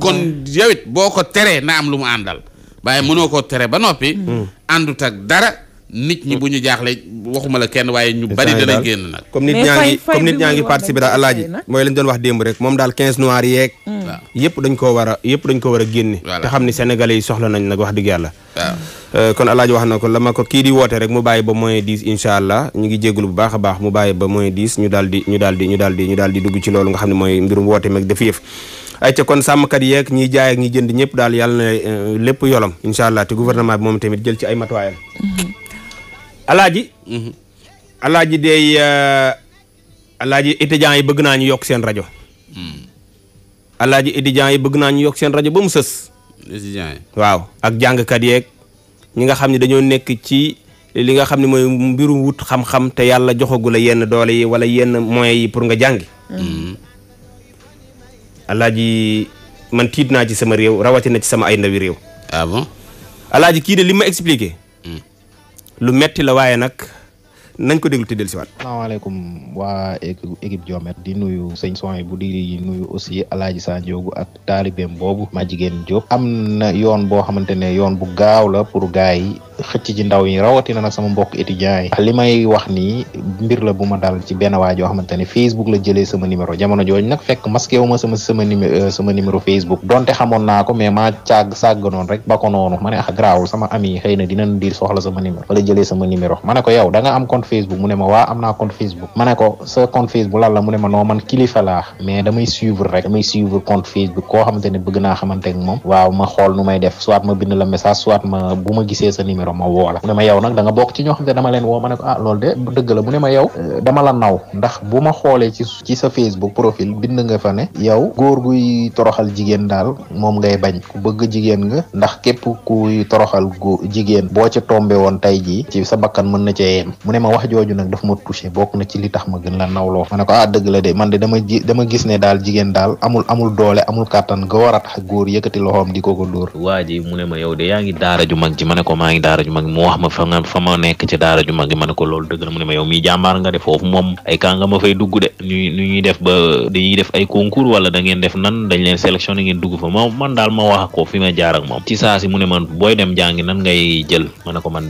kon yow boo ko teree na am lu mu àndal waaye mënoo ko tere ba noppi hmm. àndut ak dara nit ñi bu ñu jaaxle waxuma la kenn waaye ñu bari dana génn nag comme nit ñaa ngi ñaa ngi participer daal alaaji mooy lañ doon wax démb rek moom daal quinze noirs yeeg mm. waaw yëpp dañ a yëpp dañ ko war a génne te xam ni sénégalais yi soxla nañ nag wax dëgg yàlla waaw euh, kon alaaji wax na ko la ma ko kii di woote rek mu bàyyi ba moins dix incha allah ñu ngi jégalu bu baax a baax mu bàyyi ba moins dix ñu daal di ñu daal di ñu daal di ñu daal di dugg ci loolu nga xam ne mooy mbirum woote meeg dafa yëf ay ca kon sàmmkat yeeg ñiy jaay ak ñiy jënd ñëpp daal yàlla na euh, lépp yolam incha allah te gouvernement bi moom tamit jël ci ay matuwaayam mm-hmm. alaaji mhm. alaaji day euh, alaaji étudiants yi bëgg naa ñu yokk seen rajo hmm. alaaji étudiants yi bëgg naa ñu yokk seen rajo ba mu sës waaw ak jàngkat yeeg ñi nga xam ne dañoo nekk ci li nga xam ne mooy mbiru wut xam-xam te yàlla joxagu la yenn doole yi wala yenn moyens yi pour nga jàngi hmm. alaaji man tiit naa ci sama réew rawatina ci sama ay ndawi réew ah alaaji kii de li ma expliqué hmm. lu metti la waaye nag nañ ko déglu te dellusiwaat. asalaamaaleykum wa équipe Joomet di nuyu sëñ Soy bu di nuyu aussi laaj saa Ndiogou ak taalibeem boobu ma jigéen Diop am na yoon boo xamante ne yoon bu gaaw la pour gars yi xëcc ci ndaw yi rawatina nag sama mbokk étudiants yi li may wax nii mbir la bu ma dal ci benn waa joo xamante ne Facebook la jëlee sama numéro jamono jooju nak fekk masqué wu ma sama sama numéro euh, sama numéro Facebook donte xamoon naa ko mais maa càgg sàgg noonu rek ba ko noonu ma ne ah garaawul sama xëy na dinañ diir soxla sama numéro wala jëlee sama numéro ma ko yow Facebook mu ne ma waa am naa compte Facebook ma ne ko sa compte Facebook lan la mu ne ma noo man kilifa laa mais damay suivre rek damay suivre compte Facebook koo xamante ne bëgg naa xamante moom waaw ma xool nu may def soit ma bind la message soit ma bu ma gisee sa numéro ma woo la mu ne ma yow nag da nga bokk ci ñoo xam ne dama leen woo ma ne ko ah loolu de dëgg la mu ne ma yow eh, dama la naw ndax bu ma xoolee ci sa Facebook profil bind nga fa ne yow góor guy toroxal jigéen daal moom ngay ku bëgg jigéen nga boo ci tombé woon tey jii ci sa wax jooju nag daf ma touché bokk na ci li tax ma gën la nawloo ma ne ko ah, de man de dama ji ne daal jigéen daal amul doole amul kàttan ga a tax góor yëkkati loxoom di ko ko dóor waa ji mu ne ma yow de yaa daara ju ji ma ko maa ngi daara ma fa nga fa ma nekk ci daara ju mag ji ma ne ko loolu nga de foofu moom ay kaa ma fay dugg de ñu ñu ay concours wala da ngeen def nan dañ leen sélection da ngeen dugg fa ma man daal ma wax ko fi ma jaar ak moom ci saa si mu ne man booy dem jàngi nan ngay jël ma ne ko man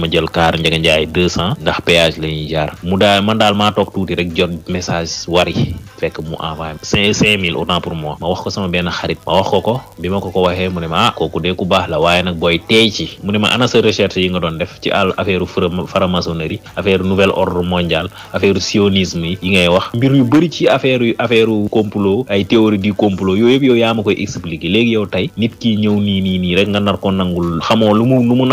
ma jël Ndiaga Ndiaye deux cent ndax péage la ñuy jaar mu daal man daal maa toog tuuti rek jot message wari fekk mu envoyé cinq cinq mille autant pour moi ma wax ko sama benn xarit ma wax ko ko bi ma ko ko waxee mu ne ma ah ku baax la waaye nag booy teey ci ana sa recherche yi nga doon def ci àll affaire franc-maçonnerie affaire nouvel ordre mondial affaire sionisme yi ngay wax mbir yu bëri ci affaire yu affaire complot ay théorie du complot yooyu yëpp yow yaa ma koy expliquer léegi yow tey nit ki ñëw nii nii nii rek nga nar ko nangul xamoo lu mu lu mu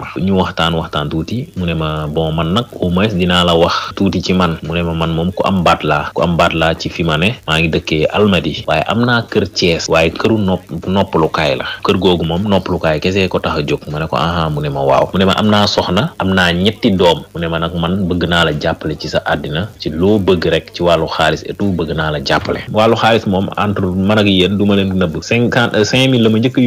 ma ñu waxtaan waxtaan tuuti mu ne ma bon man nag au moins dinaa la wax tuuti ci man mu ne ma man moom ku am baat laa ku am baat laa ci fi ma ne maa ngi dëkkee Almadi waaye am naa kër Thiès waaye këru nopp noppalukaay la kër googu moom noppalukaay kese ko tax a jóg ma ne ko aha mu ne ma waaw mu ne ma am naa soxna am naa ñetti doom mu ne ma nag man bëgg naa la jàppale ci sa àddina ci loo bëgg rek ci wàllu xaalis et tout bëgg naa la jàppale wàllu xaalis moom entre man ak du ma leen nëbb cinquante cinq mille la ma njëkk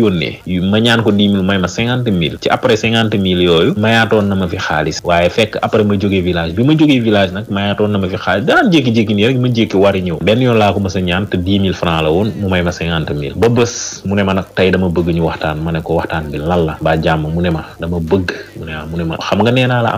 ma ñaan ko dix mille may ma mille yooyu mayaatoon na ma fi xaalis waaye fekk après ma jógee village bi ma jógee village nag mayaatoon na ma fi xaalis daan jékki-jékki nii rek ma jékki wari a mu ba bés mu ne ma nag tey dama bëgg ñu waxtaan ma ne ko waxtaan bi lan la ma dama bëgg mu ma mu ne ma la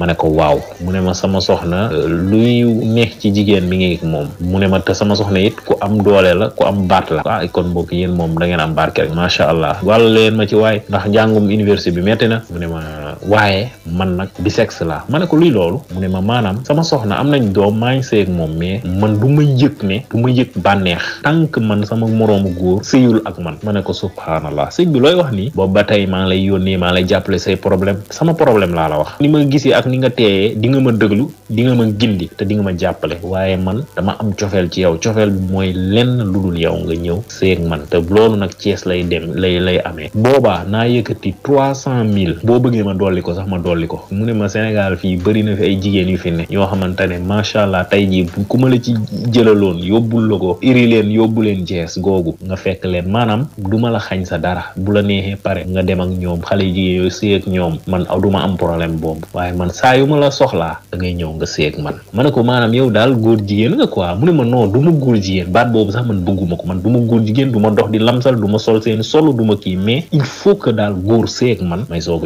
ma ne ko waaw mu ne ma sama soxna euh, luy neex ci jigéen mi ngi moom mu ne ma te sama soxna it ku am doole la ku am baat la ah kon mbokk yéen moom da ngeen am barke rek macha allah wàll ma ci waay ndax njàngum université bi metti na mu ne ma waaye man nag bisexe la ma ne ko luy loolu mu ne ma maanaam sama soxna am nañ doom maa ngi seeg moom mais man du ma yëg ne du ma yëg bànneex tant man sama moroomu góor sëyul ak man ma ne ko subhaanallah sëñ bi looy wax nii boobu ba tey maa ngi lay yónnee maa lay jàppale say problème sama problème laa la wax ni ma gisee ak ni nga teeyee di nga ma dëglu di nga ma gindi te di nga ma jàppale waaye man dama am cofeel ci yow cofeel bi mooy lenn lu dul yow nga ñëw seeg man loolu nag Cees lay dem lay lay amee boobaa cent mille heure boo bëggee ma dolli ko sax ma dolli ko mu ne ma Sénégal fii bëri na fi ay jigéen yu fi ne ñoo xamante ne macha allah tey jii ku ma la ci jëlaloon yóbbul la ko iri leen yóbbu leen jees googu nga fekk leen maanaam du la xañ sa dara bu la neexee pare nga dem ak ñoom xale jigéen yooyu séy ak ñoom man aw du ma am problème boobu waaye man saa yu ma la soxlaa da ngay ñëw nga séy ak man ma ne ko maanaam yow daal góor jigéen nga quoi mu ne ma non du ma góor jigéen baat boobu sax man bëgguma ko man du ma góor jigéen du ma dox di lamsal du ma sol seen solo du kii mais il faut que daal góor séy man may soog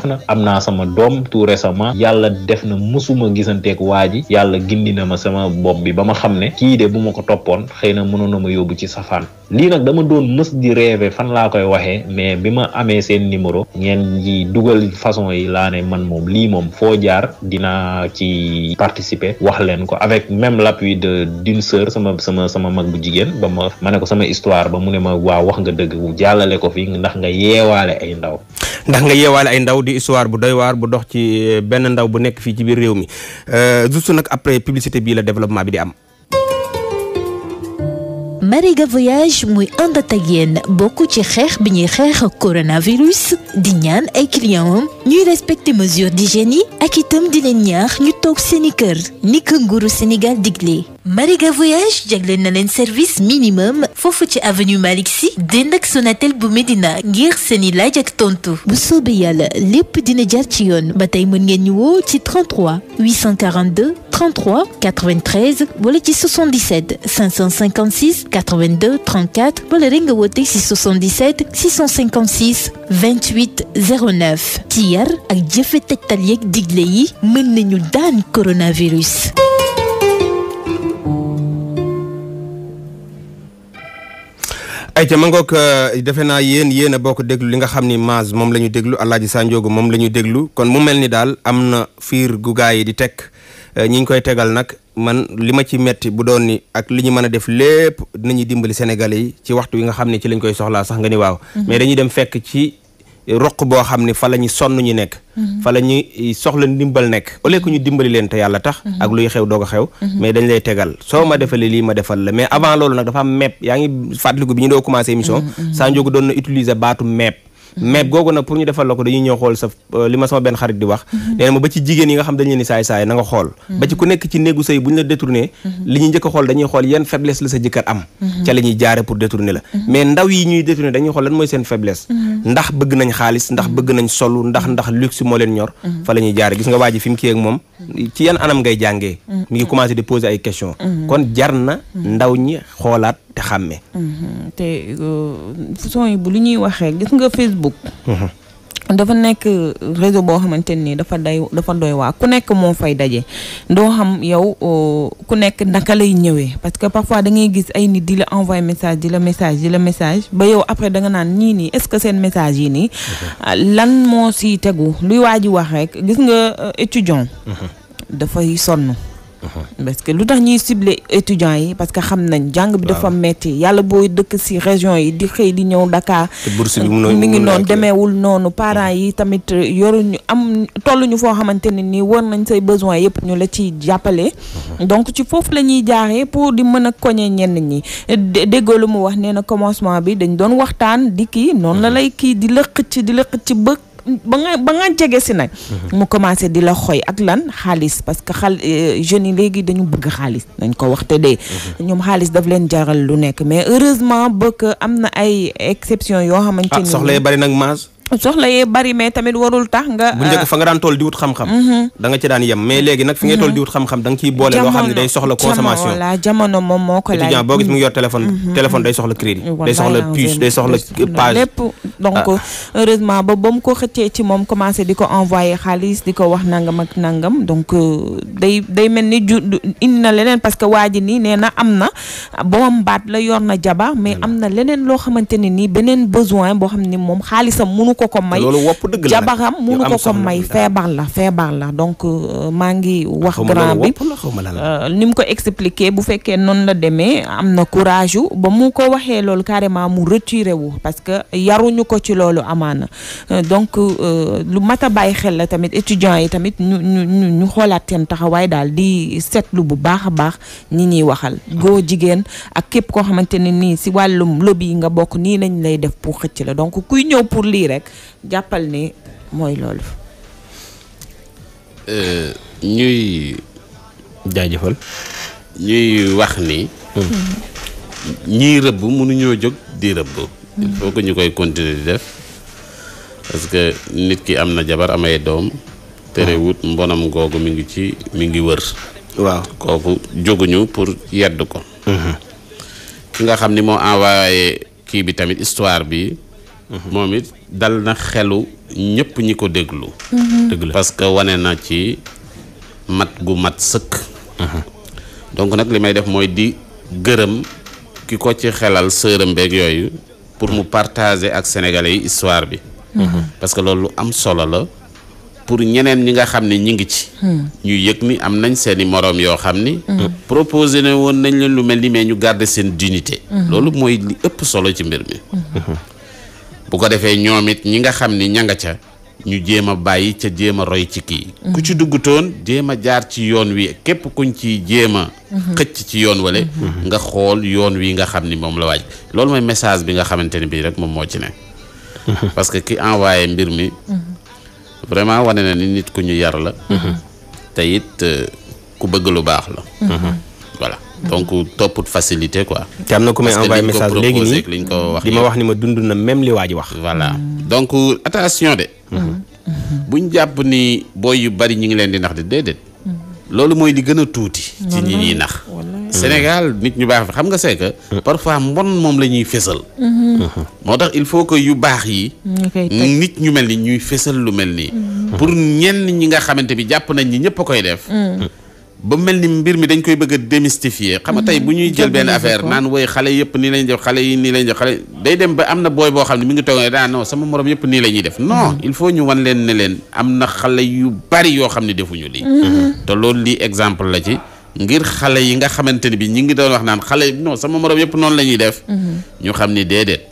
soxna am naa sama doom tout récemment yàlla def na musuma gisanteeku waa ji yàlla gindi na ma sama bopp bi ba ma xam ne kii de bu ma ko toppoon xëy na mënoon na ma yóbbu ci safaan lii nag dama doon mës di rêver fan laa koy waxee mais bi ma amee seen numéro ngeen ji dugal façon yi laa ne man moom lii moom foo jaar dinaa ci participer wax leen ko avec même l'appui de d'une sama sama sama mag bu jigéen ba ma ma ne ko sama histoire ba mu ne ma waaw wax nga dëgg jàllale ko fi ndax nga yeewaale ay ndaw ndax nga yeewaale ay ndaw di histoire bu doy waar bu dox ci euh, benn ndaw bu nekk fii ci biir réew mi euh, juste nag après publicité bii la développement bi di am. Mariga Voyage muy ànd ak bokk ci xeex bi ñuy xeex coronavirus di ñaan ay clients am ñuy respecter mesures d'hygiène yi ak itam di leen ñaax ñu toog seeni kër ni ko nguuru Sénégal digle. Mariga voyage jagleen na leen service minimum foofu ci avenue Malick Sy dend ak Sonatel bu Médina ngir seen i laaj ak tontu bu soobee yàlla lépp dina jar ci yoon ba tey mën ngeen ñu woo ci 33 842 33 93 wala ci 77 556 82 34 wala rek nga woote ci 77 656 28 09 ci yar ak jëfe tegtal yeeg digle yi mën nañu daan coronavirus. ayca ma ngoog euh, defe naa yéen yéen a bokk déglu li nga xam ni maas moom la ñu déglu Alaaji Sanjoogu moom la ñu déglu kon mu mel ni daal am na fiir gu yi di teg euh, ñi ñu koy tegal nag man li ma ci metti bu doon ni ak li ñu mën a def lépp dinañu dimbali Sénégalais yi ci waxtu wi nga xam ne ci lañ koy soxlaa sax nga ni waaw mhm. mais dañuy dem fekk ci roq boo xam ne fa la ñu sonn ñu nekk mm-hmm. fa la ñuy eh, soxla ndimbal nekk au lieu ñu dimbali leen te yàlla tax mm-hmm. ak luy xew doog a xew mm-hmm. mais dañ lay tegal soo ma defalee lii ma defal la mais avant loolu nag dafa am yaa ngi fàttaliku bi ñu doo commencé émission Sanjogu doon na utiliser baatu mepp mais googu nag pour ñu defal la ko dañuy ñëw xool sa euh, li ma sama benn xarit di wax mhm. nee na ba ci jigéen yi nga xam dañ leen di saay-saay na nga xool mhm. ba ci ku nekk ci néegu sëy bu ñu la détourné mhm. li ñuy njëkk a xool dañuy xool yan faiblesse la sa jëkkër am ca la jaare pour détourner la mais ndaw yi ñuy détourné dañuy xool lan mooy seen jaare gis nga waa ji kii ak moom ci yan anam ngay jàngee mi ngi commencé di poser ay question kon jar na ndaw ñi te xàmme. Mhm. te son euh, yi bu lu ñuy wax rek gis nga Facebook. Mhm. dafa nekk réseau boo xamante nii dafa day dafa doy waa ku nekk moo fay daje doo xam yow euh, ku nekk naka lay ñëwee parce que parfois da ngay gis ay nit di la envoyé message di la message di la message ba yow après danga naan ñii nii est-ce que seen message yi nii mhm. lan moo si tegu luy waa ji wax rek gis nga euh, étudiant dafay sonn Mhm. parce que lu tax ñuy cible étudiants yi parce que xam nañ jàng bi dafa metti yàlla booy dëkk si région yi di xëy di ñëw Dakar mi ngi noonu demeewul noonu mhm. parents yi tamit ñu am tolluñu foo xamante ne nii war nañ say besoin yëpp ñu la ci jàppale mhm. donc ci foofu la ñuy jaaree pour di mën a koñe ñenn ñi déggoo lu mu wax nee na commencement bi dañ doon waxtaan di kii noonu la lay kii di lëkk ci di lëkk ci bëgg ba nga ba nga jege si nag. Mhm. mu commencé di la xoy ak lan xaalis parce que xal euh, jeunes yi léegi dañu bëgg xaalis nañ ko wax te dee. Mhm. ñoom xaalis daf leen jaral lu nekk mais heureusement ba am na ay exception yoo xamante ah, ni. ah soxla bari nag maas. soxla yee bari mais tamit warul tax nga. bu euh, fa nga daan toll di xam-xam. Mhm. da nga ci daan yem mais léegi nag fi ngay toll di mhm. xam-xam da nga boole. loo xam ne mhm. day soxla crédit. day soxla puce day soxla page. donc ah. heureusement ba ba mu ko xëccee ci moom commencé di ko envoyé xaalis di ko wax nangam ak nangam donc euh, day mel ni ju leneen parce que waa ji nii am na boom baat la yor na jabar mais am na leneen loo xamante ne beneen besoin boo xam ne moom ko ko may jabaram munu ko ko may feebar la feebar la donc euh, maa ngi wax grand bi euh, ni mu ko expliqué bu fekkee noonu la demee am na courage yu ba mu ko waxee loolu carrément mu retiré wu parce que yaruñu ko ci loolu amaana euh, donc lu mat a bàyyi xel la tamit étudiants yi tamit ñu ñu xoolaat seen taxawaay daal di seetlu bu baax a baax ñi ñuy waxal góor jigéen ak képp koo xamante ne nii si wàllum lobby yi nga bokk nii lañ lay def pour xëcc la donc kuy ñëw pour lii rek rek jàppal ni mooy loolu. Euh, ñuy jaajëfal. ñuy wax ni. ñiy rëbb mënuñoo jóg di rëbb. il ñu koy continuer di def parce que nit ki am na jabar amay doom. terewut mbonam googu mi ngi ci mi ngi wër. waaw kooku jóguñu pour yedd ko. Mhm. ki nga xam ni moo envoyé kii bi tamit histoire bi. moom it dal na xelu ñëpp ñi ko déglu. Mhm. dëgg parce que wane na ci mat gu mat sëkk. Mhm. donc nag li may def mooy di gërëm ki ko ci xelal sëram beeg yooyu pour mu partager ak sénégalais yi histoire bi. Mhm. parce que loolu am solo la pour ñeneen ñi nga xam ne ñi ngi ci. Hmm. ñu yëg ni am nañ seeni moroom yoo xam ni. Hmm. Hmm. proposé ne woon nañ leen lu mel ni mais ñu garder seen dignité. loolu mooy li ëpp solo ci mbir mi. bu ko defee ñoom it ñi nga xam ni ña nga ca ñu jéem a bàyyi ca jéem a roy ci kii mhm. ku ci duggutoon jéem a jaar ci yoon wi képp kuñ ci jéem a mhm. xëcc ci yoon wale mhm. nga xool yoon wi nga xam ni moom la waaj loolu mooy message bi nga xamante ni bii rek moom moo ci ne parce que ki envoyé mbir mi vraiment wane na ni nit ku ñu yar la te it euh, ku bëgg lu baax la donc topput facilité quoi. te am na ku may envoyé message léegi nii liñ ko wax di ma wax ni ma dund na même li waa ji wax. voilà mm. donc euh, attention de. Mm-hmm. Mm-hmm. Mm-hmm. buñ jàpp ni booy yu bari ñu ngi leen di nax de déedéet. loolu mooy di gën a tuuti. ci ñi ñuy nax. Sénégal nit ñu baax fi xam nga c'est que. parfois mbon moom la ñuy fésal. moo tax il faut que yu baax yi. nit ñu mel ni ñuy fésal lu mel nii. pour ñenn ñi nga xamante bi jàpp nañ ni ñëpp a koy def. ba mel ni mbir mi dañ koy bëgg a démystifier xam nga tey bu ñuy jël benn affaire naan woy xale yëpp nii lañ def xale yi nii lañ def xale day ba am na booy boo xam ne mi ngi toog daa ah non sama morom yëpp def non hmm. il faut ñu wan leen ne leen am na xale yu bari yoo xam ne defuñu lii hmm. Hmm. te loolu lii exemple la ci ngir xale yi nga xamante ne bi ñu ngi doon wax naan xale non sama moroom yëpp noonu la ñuy def ñu xam ni déedéet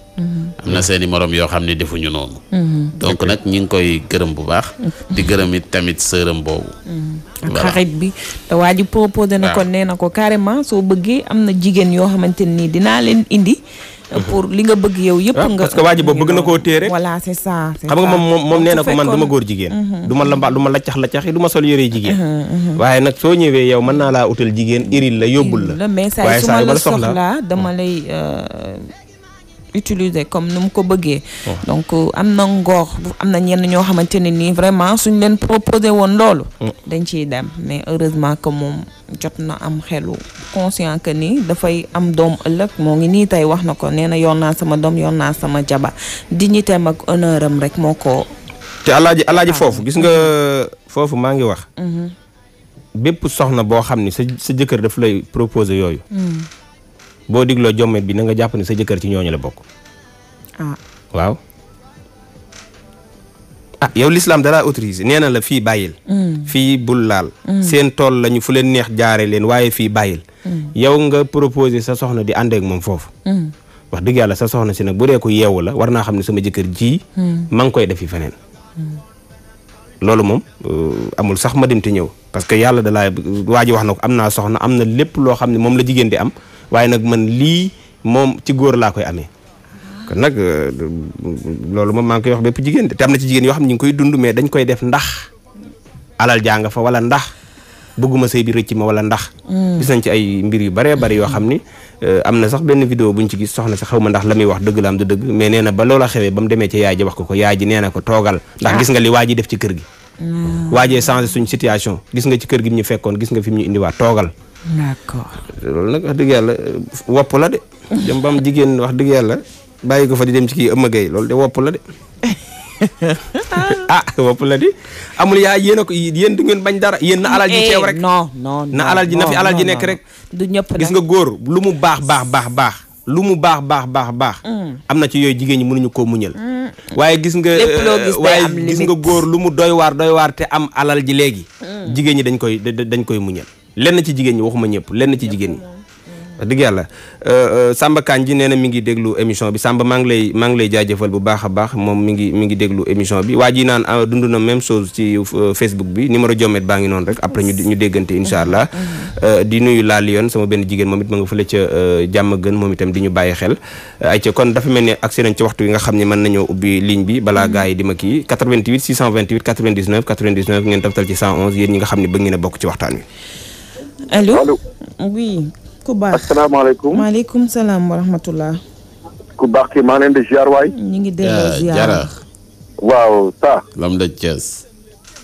am na seen i yoo xam ne defuñu noonu. Mm-hmm. donc nag ñi ngi koy gërëm bu baax. di gërëm it tamit sërëm boobu. Mm-hmm. voilà xarit bi te waa ji proposé na ko nee na ko carrément soo bëggee am na jigéen yoo xamante nii dinaa leen indi. pour li nga bëgg yow yëpp ah, nga parce que waa ji boobu bëgg na koo téere rek voilà c'est ça xam nga moom moom ko man du ma góor jigéen mm-hmm. du ma lamba du ma laccax laccax yi du ma sol yëre jigéen waaye nag soo ñëwee yow mën naa laa utal jigéen iril la yóbbul la mais saa yu ma la soxla dama mm. euh, utiliser comme nu mu ko bëggee. Oh. donc euh, am na ngor am na ñenn ñoo xamante ne nii vraiment suñ leen proposé woon loolu. Oh. dañ ciy dem mais heureusement que moom jot na am xelu conscient que nii dafay am doom ëllëg moo ngi nii tey wax na ko nee na yoon naa sama doom yoon naa sama jabar dignité teem ak honneur am rek moo ko. te alaaji alaaji foofu gis nga mm-hmm. foofu maa ngi wax. Mm-hmm. bépp soxna boo xam ni sa sa jëkkër daf lay proposé yooyu. Mm. boo digloo jommet bi na nga jàpp ne sa jëkkër ci ñooñu la bokk. Ah. waaw. ah yow l'islam dalaa autorisé nee na la fii bàyyil. Mm. fii bul laal. Mm. seen tool lañu fu leen neex jaare leen waaye fii bàyyil. Mm. yow nga proposé sa soxna di àndeek moom foofu. wax dëgg yàlla sa soxna si nag bu dee ko yeewu la war naa xam ne sama jëkkër jii maa ngi koy defi feneen. loolu moom euh, amul sax ma dem te ñëw parce que yàlla dalaa waa wax na ko am naa soxna am na lépp loo xam ne moom la jigéen di am. waaye nag man lii moom ci góor laa koy amee kon nag euh, loolu moom maa ngi koy wax bépp jigéen te am na ci jigéen yoo xam ne ñu ngi koy dund mais dañ koy def ndax alal jaa nga fa wala ndax bëgguma sëy bi rëcc ma wala ndax mm. gis nañ ci ay mbir yu baree bari yoo xam ni euh, am na sax benn vidéo buñ ci gis soxna si xaw ma ndax la muy wax dëgg la am du nee na ba loola xewee ba mu demee ci yaay ji wax ko ko yaay ji nee na ko toogal ndax gis nga li waa ji def ci kër gi mm. waajee changé suñ situation gis nga ci kër gi ñu fekkoon gis nga fi mu ñu indiwaat toogal d'accord loolu nag wax dëgg yàlla wopp la de. dem ba jigéen wax dëgg yàlla bàyyi ko fa di dem ci kii ëmma gay loolu de wopp la de. ah wopp la di amul yaa yéen a ko yéen du ngeen bañ dara yéen na alal ji eh, teew rek non non na alal ji na fi ji nekk rek. du ñëpp gis nga góor lu mu baax baax baax baax. lu mu baax baax baax baax. Mm. am na ci yooyu jigéen ñi mënuñu ko muñal. Mm. waaye gis nga euh, waaye gis nga góor lu mu doy waar doy waar te am alal ji léegi. Mm. jigéen ñi dañ koy dañ koy muñal lenn ci jigéen ñi waxuma ñëpp lenn ci jigéen ñi. dëgg yàlla euh, euh, Samba Kandji nee na mi ngi déglu émission bi Samba maa ngi lay maa ngi lay jaajëfal bu baax a baax moom mi ngi mi ngi déglu émission bi waa ji naan ah, dund na même chose ci euh, Facebook bi numéro Jomet baa ngi noonu rek après ñu ñu déggante incha allah. Mm-hmm. di nuyu laa Lyon sama benn jigéen moom it ma nga fële ca jàmm gën moom itam di ñu bàyyi xel. ay ca kon dafa mel ne agsi ci waxtu wi nga xam ne mën nañoo ubbi ligne bi balaa mm-hmm. gars yi di ma kii 88 ngeen taftal ci 111 yéen ku baax maaleykum salaam wa ku baax ki maa leen di ziar waay. ñu ngi delloo ziar jara waaw ta lam da Thiès.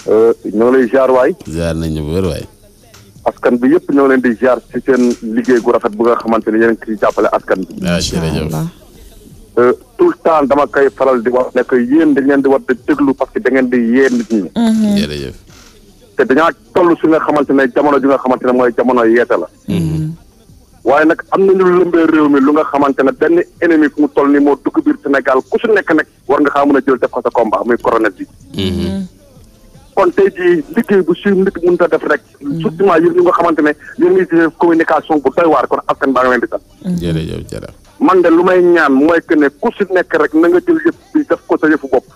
Euh, ñoo lay ziar waay. ziar nañu bu askan bi yëpp ñoo leen di ziar ci seen liggéey gu rafet bu nga xamante ne yéen ciy jàppale askan bi. incha euh, le temps dama koy faral di wax nekk yéen dañ leen di war di déglu parce que da ngeen di yee nit mm-hmm. te dañaa toll si nga xamante ne jamono ji nga xamante ne mooy jamono yeete la. Mm-hmm. waaye nag am nañu lëmbee réew mi lu nga xamante ne benn ennemi fu mu toll ni moo dugg biir Sénégal ku su nekk nag war nga xaa mën a jël def ko sa combat muy coronet mhm. kon tey jii liggéey bu suy nit mën ta def rek mhm. surtout yéen ñu nga xamante ne yéen ngi def communication bu doy waar kon askan baa nga leen di sant mhm. man de lu may ñaan mooy que ne ku si nekk rek na nga jël yëpp bi def ko sa yëfu bopp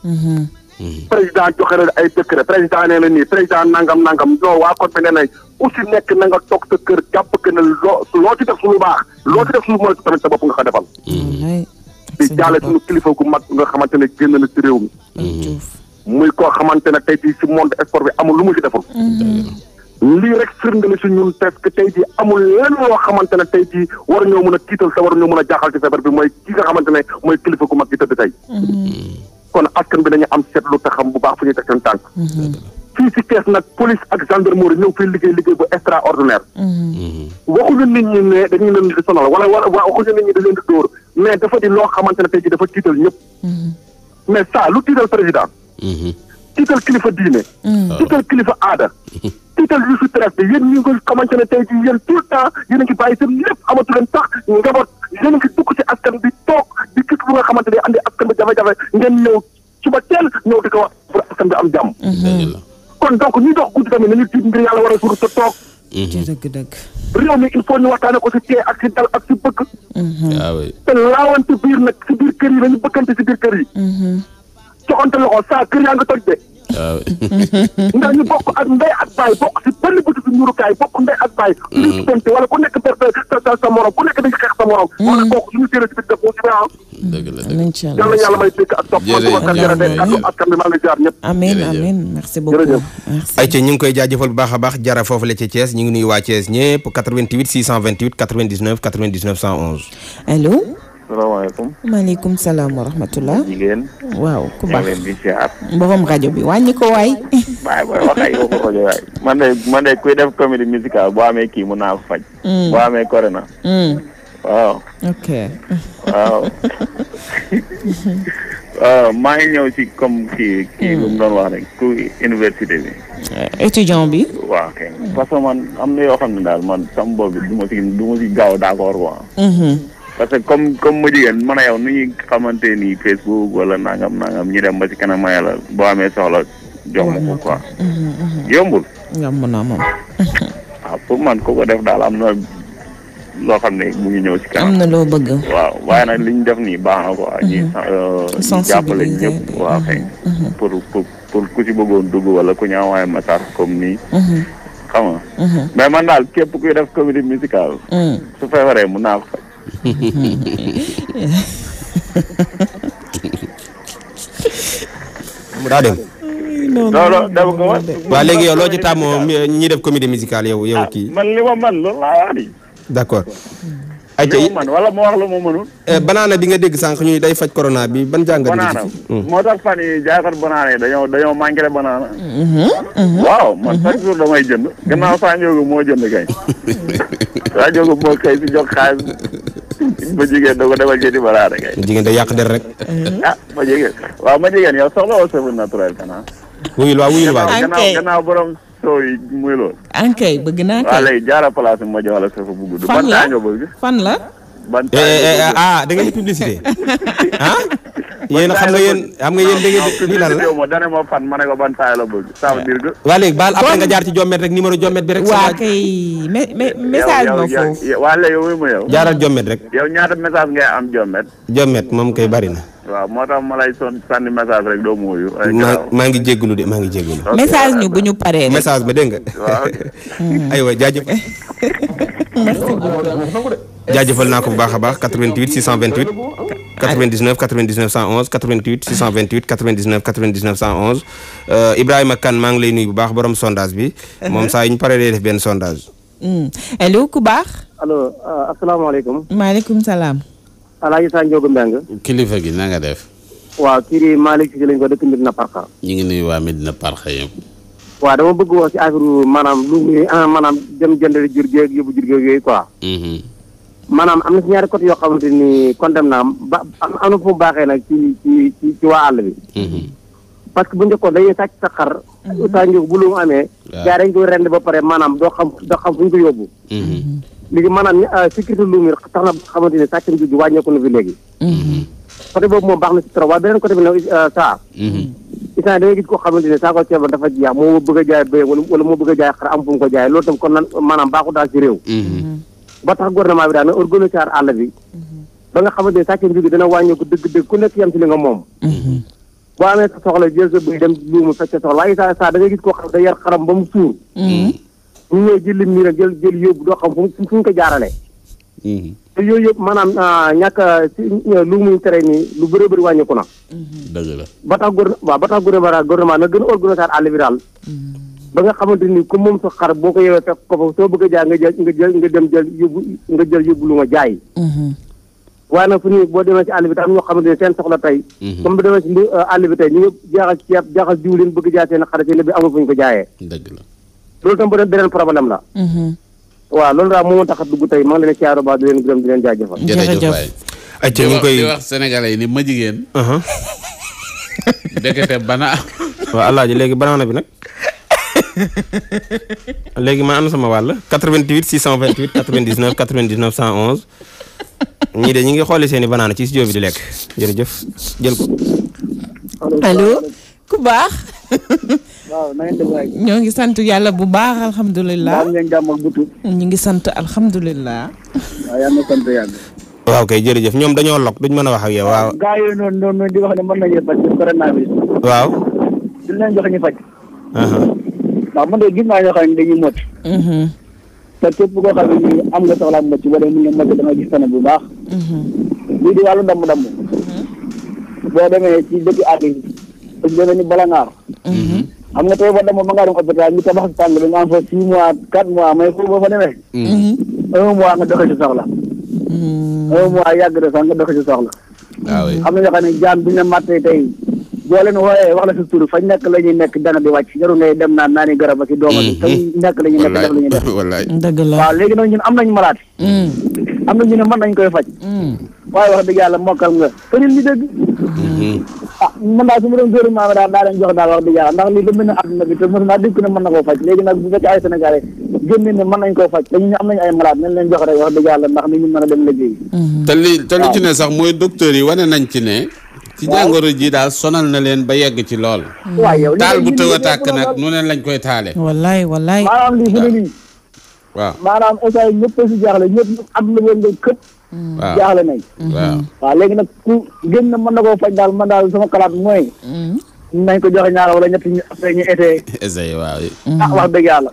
président joxe na ay décret président nee na nii président nangam nangam non waa code bi nee nañ aussi nekk nanga nga sa kër jàpp que ne loo loo ci def suñu baax loo ci def suñu mooy sa bopp nga ko defal. di kilifa gu mag nga xamante ne génn na ci réew mi. muy koo xamante ne tey jii si monde sport bi amul lu mu ci deful. Mm-hmm. lii rek firnde la si ñun parce que tey jii amul lenn loo xamante ne tey jii war ñoo mën a tiital sa war ñoo mën a jaaxal ci feebar bi mooy ki nga xamante ne mooy kilifa gu mag gi tëdd tey. Mm-hmm. kon askan bi dañu am seetlu te xam bu baax fu ñu teg seen tànk. Mhm. fii si kees nag police ak gendarmerie ñëw fii liggéey liggéey bu extraordinaire. Mhm. Mhm. waxuñu nit ñi ne dañ leen di sonal wala wala waxuñu nit ñi dañu leen di dóor mais dafa di loo xamante ne tey jii dafa tiital ñëpp. mais saa lu tiital président. tiital kilifa diine. Ah. tiital kilifa aada. tiital yu si presse bi yéen ñu ngi commencé ne tey jii yéen tout le temps yéen a ngi bàyyi seen lépp amatu leen sax njaboot yéen a ngi dugg ci askan bi toog di gis lu nga xamante ne andi askan bi jafe-jafe ngeen ñëw suba teel ñëw di ko wax pour askan bi am jàmm. kon donc ñuy dox guddi tamit nañu tiit ngir yàlla war a suur te toog. Mhm. dëgg dëgg. réew mi il faut ñu waxtaane ko si tee ak si dal ak si bëgg. waaw mhm. ah te laawante biir nag si biir kër yi nañu bëggante si biir kër yi. Mhm. joxante loxo saa kër yaa ngi waaw. ndax ñu bokk ak ndey ak baay bokk bokk ndey ak baay. Mm-hmm. ñu gisante wala ku nekk per sa sa mm-hmm. baax. Ah. dëgg la la yàlla yàlla ñu ngi koy jaajëfal bu baax a baax jara foofu la ci Thiès ñu ngi nuyu waa Thiès ñëpp 88 628 99 99 salaamaaleykum. maaleykum salaam wa rahmatulah. waaw ku rajo bi wàññi ko waay. waaye booy wax ay waxu rajo waay. man de man de kuy def comédie musicale boo amee kii mun naa faj. Mm. boo amee corona. Mm. waaw. ok. maa ngi ñëw ci comme kii. kii lu mu doon wax rek ku université bi. Eh, étudiant bi. waaw kay parce man am na yoo xam ne daal man sama bi du ma du ma si gaaw d'accord quoi. Mm-hmm. parce que comme comme ma jigéen man a yow nu xamante ni Facebook wala nangam nangam ñu dem ba ci kanam ma la boo amee soxla jox ma ko quoi. Mm-hmm, mm-hmm. yombul. yomb na moom. waaw ah, pour man ku ko def daal am na loo xam ne mu ngi ñëw ci kanam. am na loo bëgg. waaw waaye nag li ñu def nii baax na quoi. ñuy mm-hmm. euh, jàppale ñëpp waaw kay. pour pour pour ku ci bëggoon dugg wala ku ñu envoyé message comme nii. xam nga. mais man daal képp kuy def comédie musicale. Mm. su feebaree mun naa daa dem. non non dama ko wax. waaw léegi yow def comédie musicale yow yow ah, kii. man li ma man loolu laa wax di. d'accord. ayca yi man wala ma wax la eh, banaana bi nga dégg sànq ñuy day faj corona bi ban jàngat. banaana hmm. moo tax fan yii jaaykat banaana yi dañoo dañoo manqué banaana. Mhm, mhm. waaw man chaque jour damay jënd. saa njóogu moo jënd kay. saa njóogu moo kay si jox ma jigéen da ko defal jëndi baraada kay. ma jigéen da yàq der rek. ah ma jigéen waaw ma jigéen yow soxla woo sëbu naturel kanaa. wuyul waa wuyul waay. gannaaw gannaaw borom soow yi muy lool. ankay bëgg naa kay. waaw léegi jaara place bi ma jox la sëfu bu gudd. fan la fan la. Eh, eh, eh, ah da ngeen publicité ah. yéen xam nga yéen xam nga yéen dégg ni lan la dana ma fan ma ne ko ban taay la bëgg ça veut dire que waa léegi baal après nga jaar ci jommet rek numéro bi rek am jommet jommet moom kay bari na waaw tax ma lay son sànni maa ngi jégalu de maa ngi jégalu message ñu bu ñu paree message ba dégg nga aywa jaajëf merci beaucoup jaajëfal naa ko bu baax a baax 88 628 99 99 111 88 628 99 99 111 Ibrahima Kane maa ngi lay nuyu bu baax borom sondage bi moom saa yu ñu paree day def benn sondage. allo hmm. ku baax. allo euh, asalaamaaleykum. maaleykum salaam. Alaaji Sa Ndiogou Mbengue. kilifa gi na nga def. waaw kii di Malick si lañ ko dëkk Medina Parkha. ñu ngi nuyu waa Medina Parkha yëpp. waaw dama bëgg wax ci affaire maanaam lu muy ah, maanaam dem jënd jur gi yóbbu jur gi yooyu quoi. Hmm, hmm. maanaam am na si ñaari côté yoo xamante kon dem naa ba am na fu baaxee nag ci ci ci ci mm-hmm. parce que bu njëkkoon dañuy sàcc sa xar. Mm-hmm. saa njëg bu lu mu amee. waaw dañ koy rend ba pare maanaam doo xam doo xam fu ñu ko yóbbu. Mm-hmm. léegi maanaam euh, sécurité luumir tax na xamante ni sàccam jug wàññeeku na fi léegi. côté boobu moom baax na si trop waaye beneen bi nag euh, saa. isaan da ngay gis koo ne saako ceeb dafa jeex moo bëgg a jaay moo bëgg a jaay ko jaay loolu tam kon nan maanaam baaxul daal ci réew. ba tax gouvernement bi daal na organiser àll bi mhm. ba nga xamante ne sàccum bi dina wàññeeku dëgg-dëgg ku nekk yem ci li nga moom mhm. boo amee sa soxla jël sa buy dem luumu fecc soxla waaye sa saa da ngay gis koo xam da yar xaram ba mu suur mhm. ñu ñëw jël lim nii rek jël jël yóbbu doo xam fu fu ñu ko jaarale yooyu yëpp maanaam ah, ñàkk si lu muy tere nii lu bëri bëri wàññeeku na dëgg la ba tax góor waaw ba tax gouvernement gouvernement na gën a organiser àll bi daal ba nga xamante ni ku moom sa xar boo ko yewee fekk ko fa soo bëgg a jaay nga jël nga nga dem jël yóbbu nga jël lu ma jaay. Mhm. waaye nag fu ñuy boo demee ci àll bi te am ñoo xamante ne tey. Mhm. comme bu demee ci euh, àll bi tey ñu ngi jaaxal jiw leen bëgg jaay seen xar seen bi amul fu ko jaayee. dëgg la loolu tam beneen problème la. Mhm. waaw loolu daal moo tax dugg tey maa ngi leen di caaru baax di leen gërëm di leen jaajëfal. a ayca mu koy wax sénégalais yi ni ma jigéen. ndekete uh-huh. bana. waaw alaaji léegi banaana bi nag léegi ma am sama wàll 88 628 99 99 111 ñii de ñu ngi xooli seen i banaana ci studio bi di lekk jërëjëf jël ko. allo ku baax. ñoo ngi sant yàlla bu baax alhamdulilah. ñu ñu ngi sant alhamdulilah. waaw yàlla jërëjëf ñoom dañoo log duñ mën a wax ak yow waaw. ne mën nañu waaw. ndax man de gis naa ñoo xam ne dañuy mot. Mhm. te képp koo xam ne nii am nga soxla mot wala mu ngi mot da nga gis kanam bu baax. Mhm. lii di wàllu ndàmb ndàmb. Mhm. boo demee ci dëkk àll yi dañu demee ni balangaar. xam nga tey ba dama ba ngaa dem hôpital ñu tabax si tàng bi nga am fa six mois quatre mois may foofu boo fa demee. un mois nga doxee soxla. un mois yàgg de sax nga doxee si soxla. waaw ah xam nga ñoo xam ne jaan bu ñu la màttee tey. boo leen wooyee wax la sa tur fañ nekk la nekk dana bi wàcc jarul ngay dem naan naani garab ak dooma bi mm-hmm. fañ nekk la ñuy nekk def waaw léegi nag ñun am nañ malaat mm. na ñu ne mën nañ koy faj mm. wax dëgg yàlla mokkal nga tëril ñu dëgg mm-hmm. ah man daal su ma doon sóoru maame daa leen jox daal wax dëgg yàlla ndax lii da mel ne àdduna bi te mos naa dégg ne mën na koo faj léegi nag bu fekkee ay sénégalais ay malade nañ leen jox rek wax dëgg yàlla ndax ni ñu mën a dem liggéey te li te li ci ne sax mooy docteur yi wane nañ ci ne ci jàngoro ji daal sonal na leen ba yegg ci lool. taal bu tëw a tàkk nag nu neen lañ koy taale. wallaay wallaay. maanaam li fi ne nii. waaw maanaam état ñëpp a si jaaxle ñëpp am na leen nga jaaxle nañ. waaw mm-hmm. waaw léegi nag ku na man na koo faj daal man daal sama xalaat mooy. Mm-hmm. nañ ko joxe ñaar wala ñett ñu après ñu waaw. Mm-hmm. ah dëgg yàlla.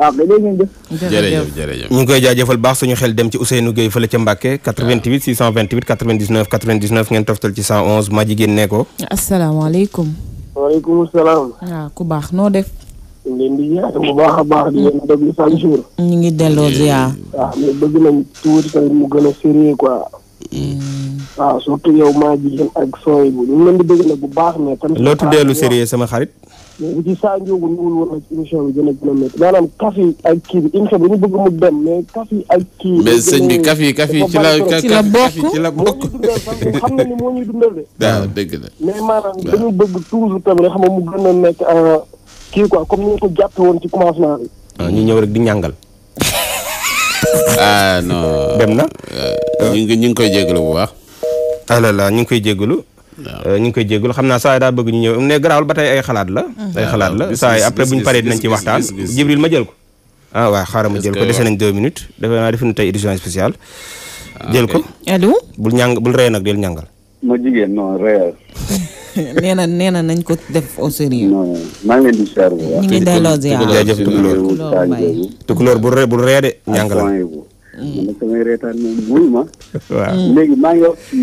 waaw kay léegi ngeen jëf. jërëjëf jërëjëf ñu ngi koy jaajëfal baax suñu xel dem ci Ousseynou Gueye fële ca Mbacke. 88 628 99 99 ngeen toftal ci 111 maa jigéen ne ko. asalaamaaleykum. waaleykum salaam. waaw ku baax noo def. ñu ngi leen di ziar bu baax a baax di leen déglu chaque jour. ñu ngi delloo ziar. waaw mais bëgg nañ tuuti tamit mu gën a sérieux quoi. Hmm. waaw surtout yow maa jigéen ak sooy bu ñu leen di déglu bu baax mais. tamit loo tuddee lu sérieux sama xarit. ci saa njóobu ñëwul woon nag émission bi dina gën maanaam kaf ak kii bi émission bi dañu bëgg mu dem mais kaf yi ak kii bi kaf yi kaf yi ci la ci la la bokk xam na ni ah, la mais maanaam dañu bëgg toujours tamit xam nga mu gën a nekk euh, kii quoi comme ni nga ko jàppe woon ci commencement bi ah, ñu ñëw rek di ñàngal ah non dem na euh, ñu ngi ñu ngi koy jégalu bu baax ah là ñu ngi koy jégalu Euh, ñu ngi koy jéggul xam naa saa daa bëgg ñu ñëw ne garaawul ba tey ay xalaat la mm. ay la saa yi après bu ñu paree dinañ ci waxtaan Jibril ma jël ko ah waaw xaaral ma jël ko dese nañ deux minutes defe naa defe na tey édition spéciale ah, jël ko allo bul ñàng bul rey nag del ñàngal ma jigéen nee na nañ ko def au sérieux non maa ngi leen di seer bu baax ñu ngi delloo bul ree bul ree de ñàng man nag samay reetaan moom ma. Mm. léegi maa ngi wax ci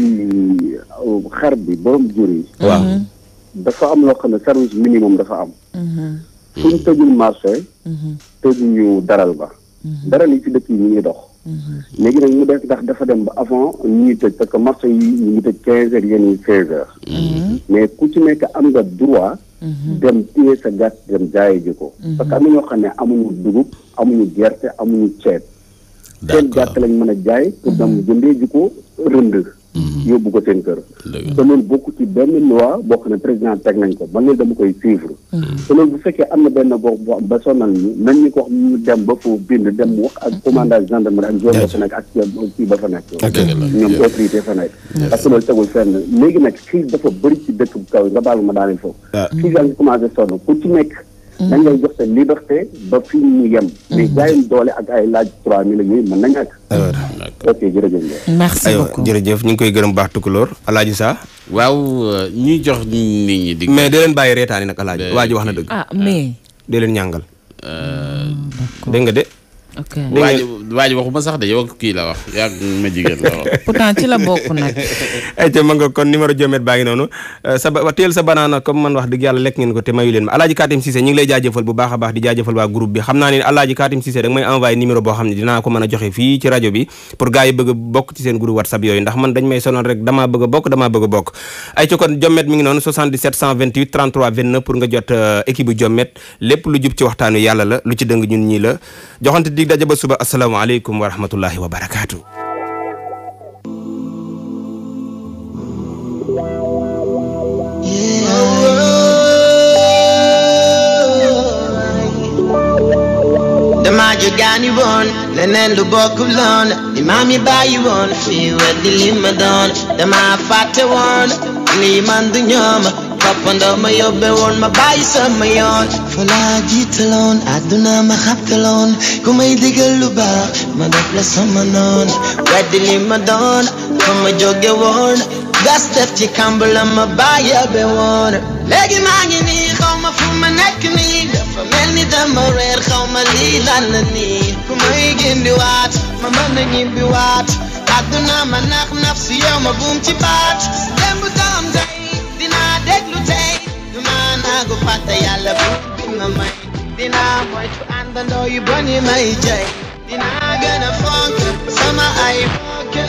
euh, xar bi borom jur yi. Mm-hmm. dafa am loo xam ne service minimum dafa am. Mm-hmm. suñ tëjul marché. Mm-hmm. tëjuñu daral ba. daral yi ci dëkk yi ñu ngi dox. léegi nag mu def ndax dafa dem ba avant ñu ngi tëj parce que marché yi ñu ngi te quinze heures yéen seize heures. mais ku ci nekk am nga droit. dem téye sa gàtt dem jaaye ko. parce que am na ñoo xam ne amuñu dugub amuñu gerte amuñu ceeb. seen gàtt lañ mën a jaay pour mhm. dem jëndee ji ko rënd mhm. yóbbu ko seen kër te loolu bokk ci benn loi boo xam ne président teg nañ ko man loolu dama koy suivre mhm. bu fekkee am na benn gox boo ba sonal ñu nañ ñu ko wax ñu dem ba foofu bind dem wax ak commandant gendarmerie ak zone ba fa nekk ñoom autorité nekk parce que loolu tegul fenn léegi nag xiif dafa bëri ci dëkk bu kaw yi nga baal ma daaneel foofu xiif ah. yaa ngi commencé sonn ku ci nekk Mm. dañ lay jox sa liberté ba fi mu yem. Mm. mais jaayum doole ak ay laaj 3000 yooyu mën na ñàkk. Ah. ok jërëjëf. merci ñu ngi koy gërëm baax tukulóor Alaaji sax waaw ñuy jox nit ñi di. mais di leen bàyyi reetaani nag Alaaji waa ji wax na dëgg. ah mais. di leen ñàngal. Euh, dégg nga de. ok waaj waaj waxuma sax de yow kii la wax yaa ma ci la bokk nag. ay te ma kon numéro Jommet baa ngi noonu euh, sa sa banaana comme man wax dëgg yàlla lekk ngeen ko te mayu leen ma Alaaji Katim Cissé ñu a baax ne Alaaji may envoyé numéro boo xam ne dinaa ko mën a joxe fii ci rajo bi pour gars yi bëgg a bokk ci seen groupe WhatsApp yooyu ndax man dañ may sonal rek damaa bëgg a bokk damaa bëgg a bokk ay ci kon Jommet mi ngi noonu 77 128 33 29 pour nga jot euh, équipe bu yàlla la lu ci dëng ñun ñii la dig ba suba asalaamaaleykum wa rahmatullahi wa dama jógaani leneen lu bokkul woon li maa mi bàyyi woon fii li ma dama fàtte li man du ñoom toppandoo ma yóbbe woon ma bàyyi sama yoon fa laa jiitaloon àdduna ma xabtaloon ku may digal lu baax ma def la sama noon weddi li ma doon fa ma jóge woon gas ci kàmb ma bàyyi yóbbe woon léegi maa ngi nii xaw ma fu ma nekk nii dafa mel ni dama reer xaw ma lii lan la nii ku may gindi waat ma mën na ñibbi waat àdduna ma nax naf si yow ma buum ci baat naagu fàtte yàlla bu ma may dinaa moytu àndandoo yu bon yi may jay dinaa gën a fonk sama ay mbokk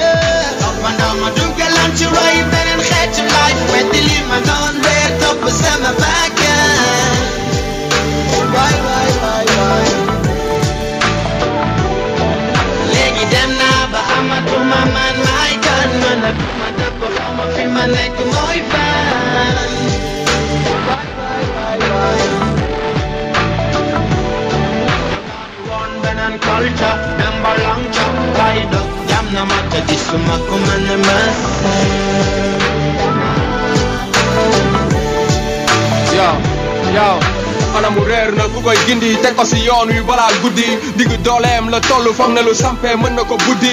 toppa ndaw ma dugalam ci roy beneen xeetu laaj weddi li ma doon reer topp sama bakkan waay waay waay waay léegi dem naa ba amatuma man maay kan ma nag ma dëpp xaw ma fi ma nekk mooy fan and culture, number long chop ana mu reer na ku gindi teg ko yoon wi balaa guddi diggu dooleem la tollu foog ne lu sampee mën na ko buddi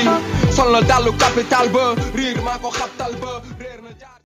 sol na dàllu capital ba riir maa ko xattal ba